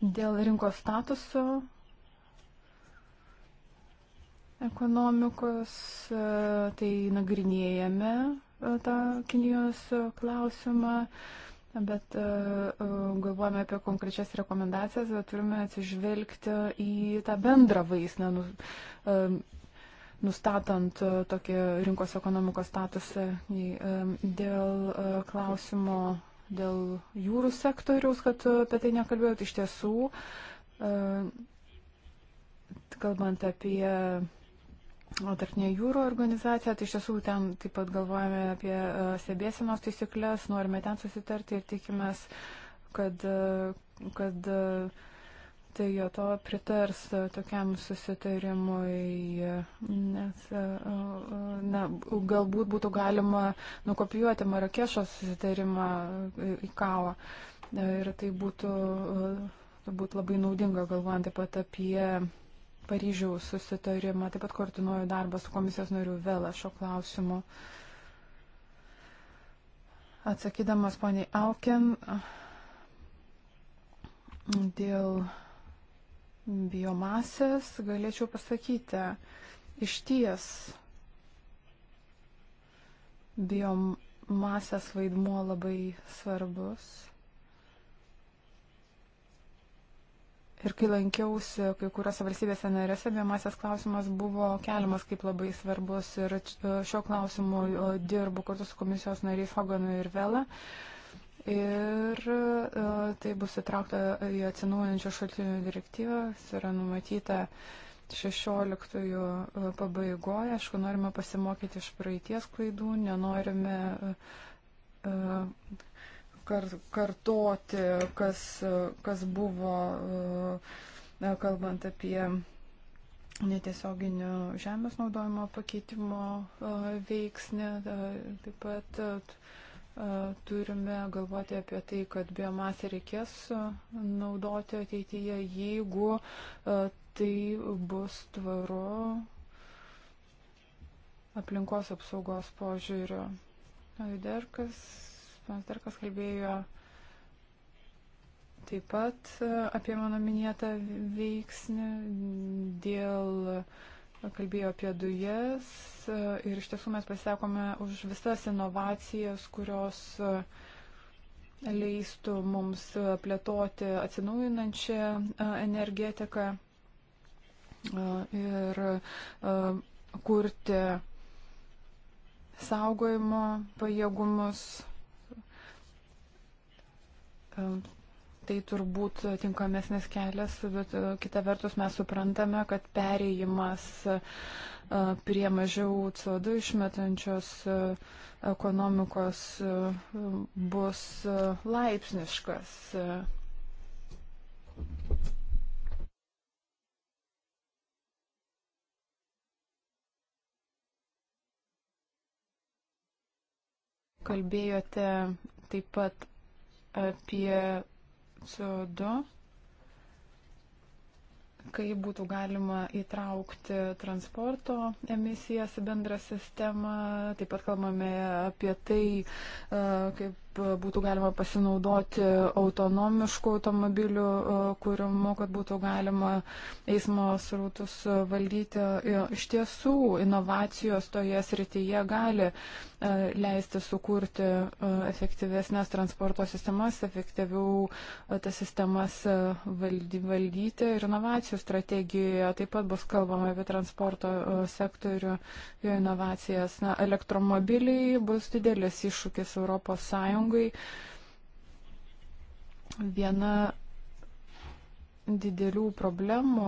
C: Dėl rinkos statuso ekonomikos, e, tai nagrinėjame e, tą Kinijos klausimą. Bet e, e, galvojame apie konkrečias rekomendacijas, turime atsižvelgti į tą bendrą vaizdą, nu, e, nustatant tokį rinkos ekonomikos statusą dėl klausimo dėl jūrų sektoriaus, kad apie tai nekalbėjot iš tiesų. Kalbant apie O tarpinė jūro organizacija, tai iš tiesų ten taip pat galvojame apie e, stebėsinos taisyklės, norime ten susitarti ir tikimės, kad, e, kad e, tai jo to pritars tokiam susitarimui, nes na, galbūt būtų galima nukopijuoti Marakešo susitarimą į kavą. Ir tai būtų, būtų labai naudinga galvojant taip pat apie Paryžiaus susitarimą, taip pat koordinuoju darbą su komisijos nariu Vela šio klausimu. Atsakydamas poniai Auken dėl biomasės, galėčiau pasakyti, iš ties biomasės vaidmuo labai svarbus. Ir kai lankiausi kai kuriuose valstybėse narėse, biomasės klausimas buvo keliamas kaip labai svarbus ir e, šio klausimu e, dirbu kartu su komisijos nariais Hoganu ir Vela. Ir e, tai bus įtraukta į atsinaujančių šaltinių direktyvą, yra numatyta 16 pabaigoje, aišku, norime pasimokyti iš praeities klaidų, nenorime uh, kar, kartoti, kas, kas buvo, e, kalbant apie netiesioginių žemės naudojimo pakeitimo e, veiksnį. E, taip pat turime galvoti apie tai, kad biomasę reikės naudoti ateityje, jeigu tai bus tvaru aplinkos apsaugos požiūrio. Aiderkas Ponas Darkas kalbėjo taip pat e, apie mano minėtą veiksnį dėl e, kalbėjo apie dujas e, ir iš tiesų mes pasisakome už visas inovacijas, kurios leistų mums plėtoti atsinaujinančią energetiką ir kurti saugojimo pajėgumus tai turbūt tinkamesnis kelias, bet e, kita vertus mes suprantame, kad pereimas e, prie mažiau CO2 išmetančios e, ekonomikos bus laipsniškas. Kalbėjote taip pat apie CO2, kaip būtų galima įtraukti transporto emisijas į bendrą sistemą. Taip pat kalbame apie tai, kaip būtų galima pasinaudoti autonomiškų automobilių e, kūrimu, kad būtų galima eismo srautus valdyti. E, iš tiesų, inovacijos toje srityje gali e, leisti sukurti efektyvesnės transporto sistemas, efektyviau tas sistemas valdyti. Ir inovacijų strategijoje taip pat bus kalbama apie transporto sektorių, jo inovacijas. Na, elektromobiliai bus didelis iššūkis Europos Sąjungoje Viena didelių problemų,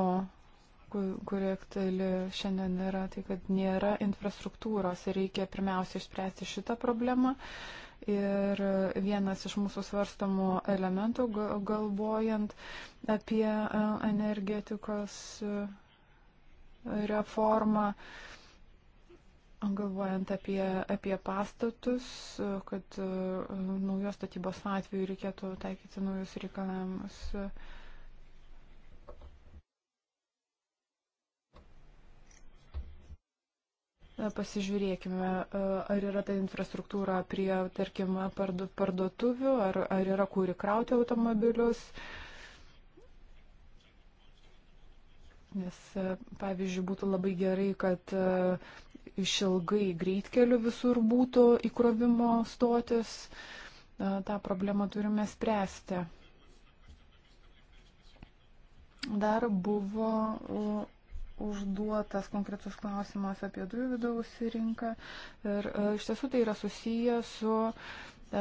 C: kuri aktuali šiandien yra, tai kad nėra infrastruktūros ir reikia pirmiausia išspręsti šitą problemą. Ir vienas iš mūsų svarstamų elementų, galvojant apie energetikos reformą, Galvojant apie, apie pastatus, kad e, naujos statybos atveju reikėtų taikyti naujus reikalavimus. E, pasižiūrėkime, e, ar yra ta infrastruktūra prie, tarkim, parduotuvių, ar, ar yra kur įkrauti automobilius. Nes, pavyzdžiui, būtų labai gerai, kad išilgai greitkelių visur būtų įkrovimo stotis. E, Ta problema turime spręsti. Dar buvo e, užduotas konkretus klausimas apie dujų vidaus rinką. Ir e, iš tiesų tai yra susiję su E,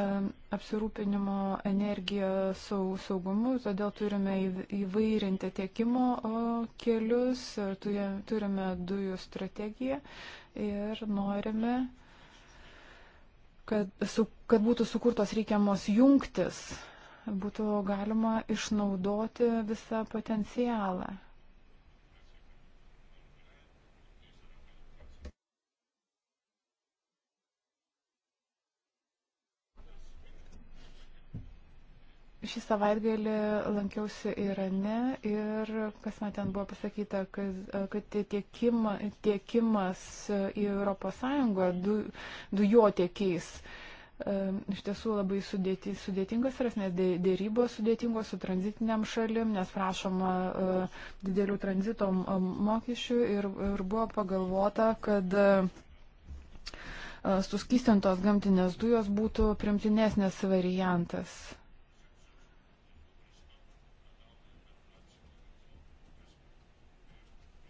C: apsirūpinimo energiją saugumu, todėl turime įvairinti tiekimo kelius, e, turime dujų strategiją ir norime, kad, kad būtų sukurtos reikiamos jungtis, būtų galima išnaudoti visą potencialą. Šį savaitgalį lankiausi Irane ir kas man ten buvo pasakyta, kad, kad tiekima, tiekimas į ES du, dujotiekiais iš tiesų labai sudėti, sudėtingas yra, nes dėrybos sudėtingos su tranzitiniam šalim, nes prašoma e, didelių tranzito mokesčių ir, ir buvo pagalvota, kad e, suskistintos gamtinės dujos būtų primtinesnės variantas.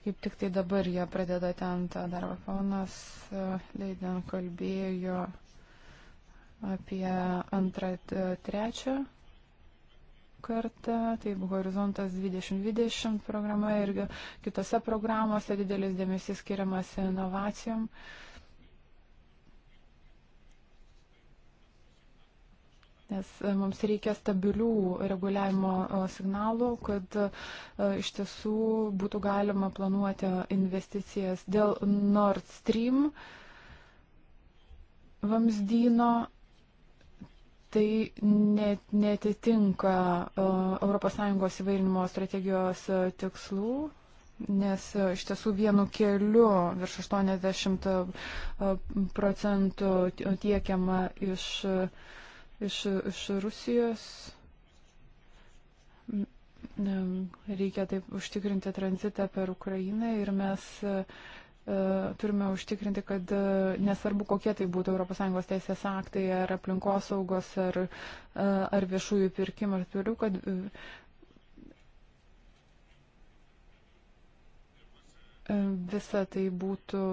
C: Kaip tik tai dabar jie pradeda ten tą darbą. Ponas e, Leiden kalbėjo apie antrą, trečią kartą, taip Horizontas 2020 programa ir kitose programuose didelis dėmesys skiriamas inovacijom. Uh, nes e, mums reikia stabilių reguliavimo e, signalų, kad e, iš tiesų būtų galima planuoti investicijas dėl Nord Stream vamzdyno. Tai net, netitinka ES įvairinimo strategijos tikslų, nes iš tiesų vienu keliu virš 80 procentų tiekiama iš uh, iš, iš Rusijos. Reikia taip užtikrinti tranzitą per Ukrainą ir mes e, e, turime užtikrinti, kad e, nesvarbu, kokie tai būtų ES teisės aktai ar aplinkosaugos ar, ar viešųjų pirkimų ir turiu, kad visa tai būtų,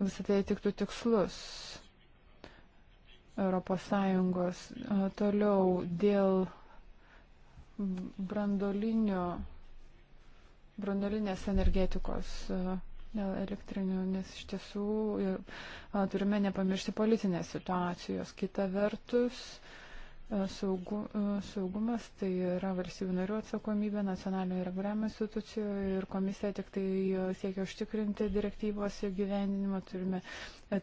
C: visa tai atitiktų tikslus. ES. Toliau dėl brandolinio, brandolinės energetikos dėl elektrinių, nes iš tiesų turime nepamiršti politinės situacijos. Kita vertus, uh, E, saugu, e, saugumas, tai yra valstybių narių atsakomybė, nacionalinio reguliavimo institucijų ir komisija tik tai e, siekia užtikrinti direktyvos gyvendinimą. Turime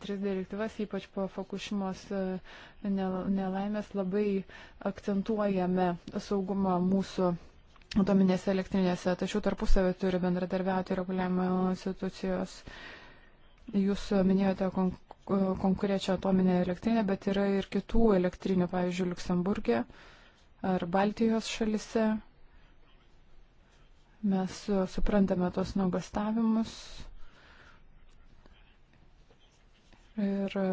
C: tris direktyvas, ypač po Fukushimos nelaimės labai akcentuojame saugumą mūsų atominėse elektrinėse, tačiau tarpusavė turi bendradarbiauti reguliavimo institucijos. Jūs minėjote konkursą konkrečią atominę elektrinę, bet yra ir kitų elektrinių, pavyzdžiui, Luksemburgė ar Baltijos šalise. Mes e, suprantame tos nuogastavimus. Ir e,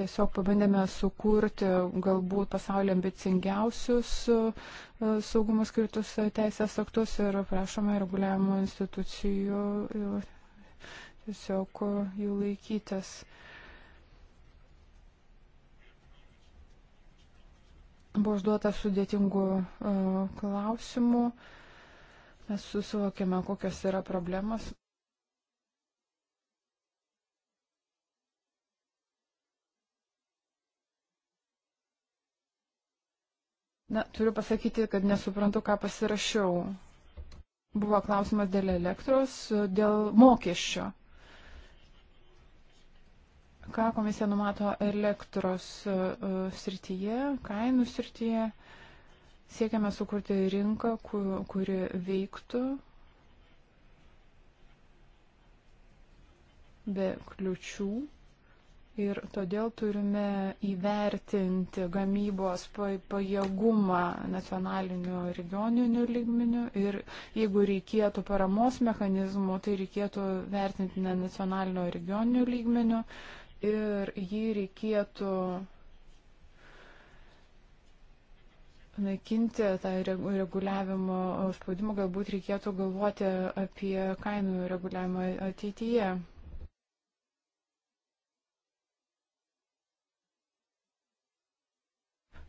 C: tiesiog pabandėme sukurti galbūt pasaulio ambicingiausius e, saugumo skirtus teisės aktus ir prašome reguliavimo institucijų tiesiog e, jų laikytis. Buvo užduota sudėtingų e, klausimų, mes susivokėme, kokios yra problemos. Na, turiu pasakyti, kad nesuprantu, ką pasirašiau. Buvo klausimas dėl elektros, dėl mokesčio ką komisija numato elektros e, e, srityje, kainų srityje. Siekiame sukurti rinką, kuri veiktų be kliučių. Ir todėl turime įvertinti gamybos pajėgumą nacionaliniu regioniniu lygmeniu. Ir jeigu reikėtų paramos mechanizmų, tai reikėtų vertinti ne nacionalinio regioniniu lygmeniu. Uh, ir jį reikėtų naikinti tą tai reguliavimo spaudimą, galbūt reikėtų galvoti apie kainų reguliavimą ateityje.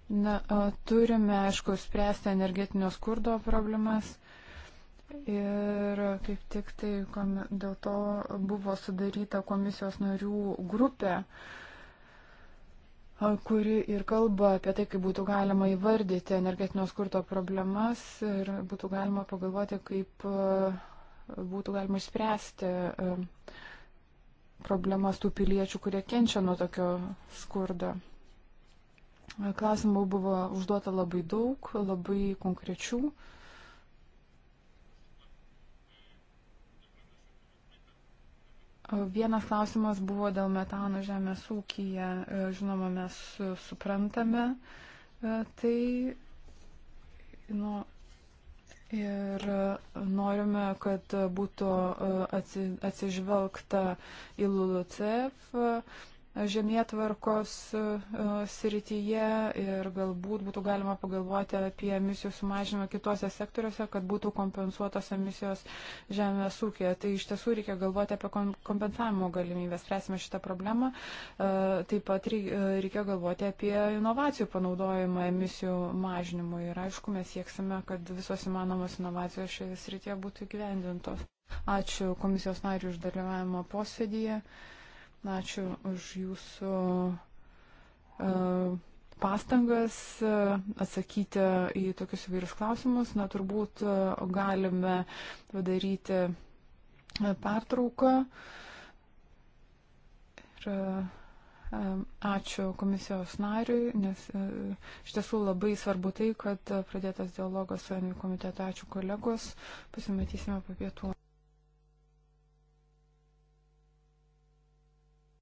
C: Na, turime, aišku, spręsti energetinio skurdo problemas. Ir kaip tik tai dėl to buvo sudaryta komisijos narių grupė, kuri ir kalba apie tai, kaip būtų galima įvardyti energetinio skurto problemas ir būtų galima pagalvoti, kaip būtų galima išspręsti problemas tų piliečių, kurie kenčia nuo tokio skurdo. Klausimų buvo užduota labai daug, labai konkrečių. Vienas klausimas buvo dėl metano žemės ūkyje. E, žinoma, mes suprantame e, tai. Nu, ir e, norime, kad būtų atsižvelgta į LULUCF žemėtvarkos e, srityje ir galbūt būtų galima pagalvoti apie emisijų sumažinimą kitose sektoriuose, kad būtų kompensuotos emisijos žemės ūkėje. Tai iš tiesų reikia galvoti apie kompensavimo galimybę, spręsime šitą problemą. E, taip pat e, reikia galvoti apie inovacijų panaudojimą emisijų mažinimui. Ir aišku, mes sieksime, kad visos įmanomos inovacijos šioje srityje būtų įgyvendintos. Ačiū komisijos nariu už dalyvavimą posėdėje. Ačiū už jūsų e, pastangas e, atsakyti į tokius įvairius klausimus. Na, turbūt e, galime padaryti pertrauką. Ir ačiū komisijos nariui, nes iš tiesų labai svarbu tai, kad pradėtas dialogas su NV komitetu. Ačiū kolegos. Pasimatysime po pietų.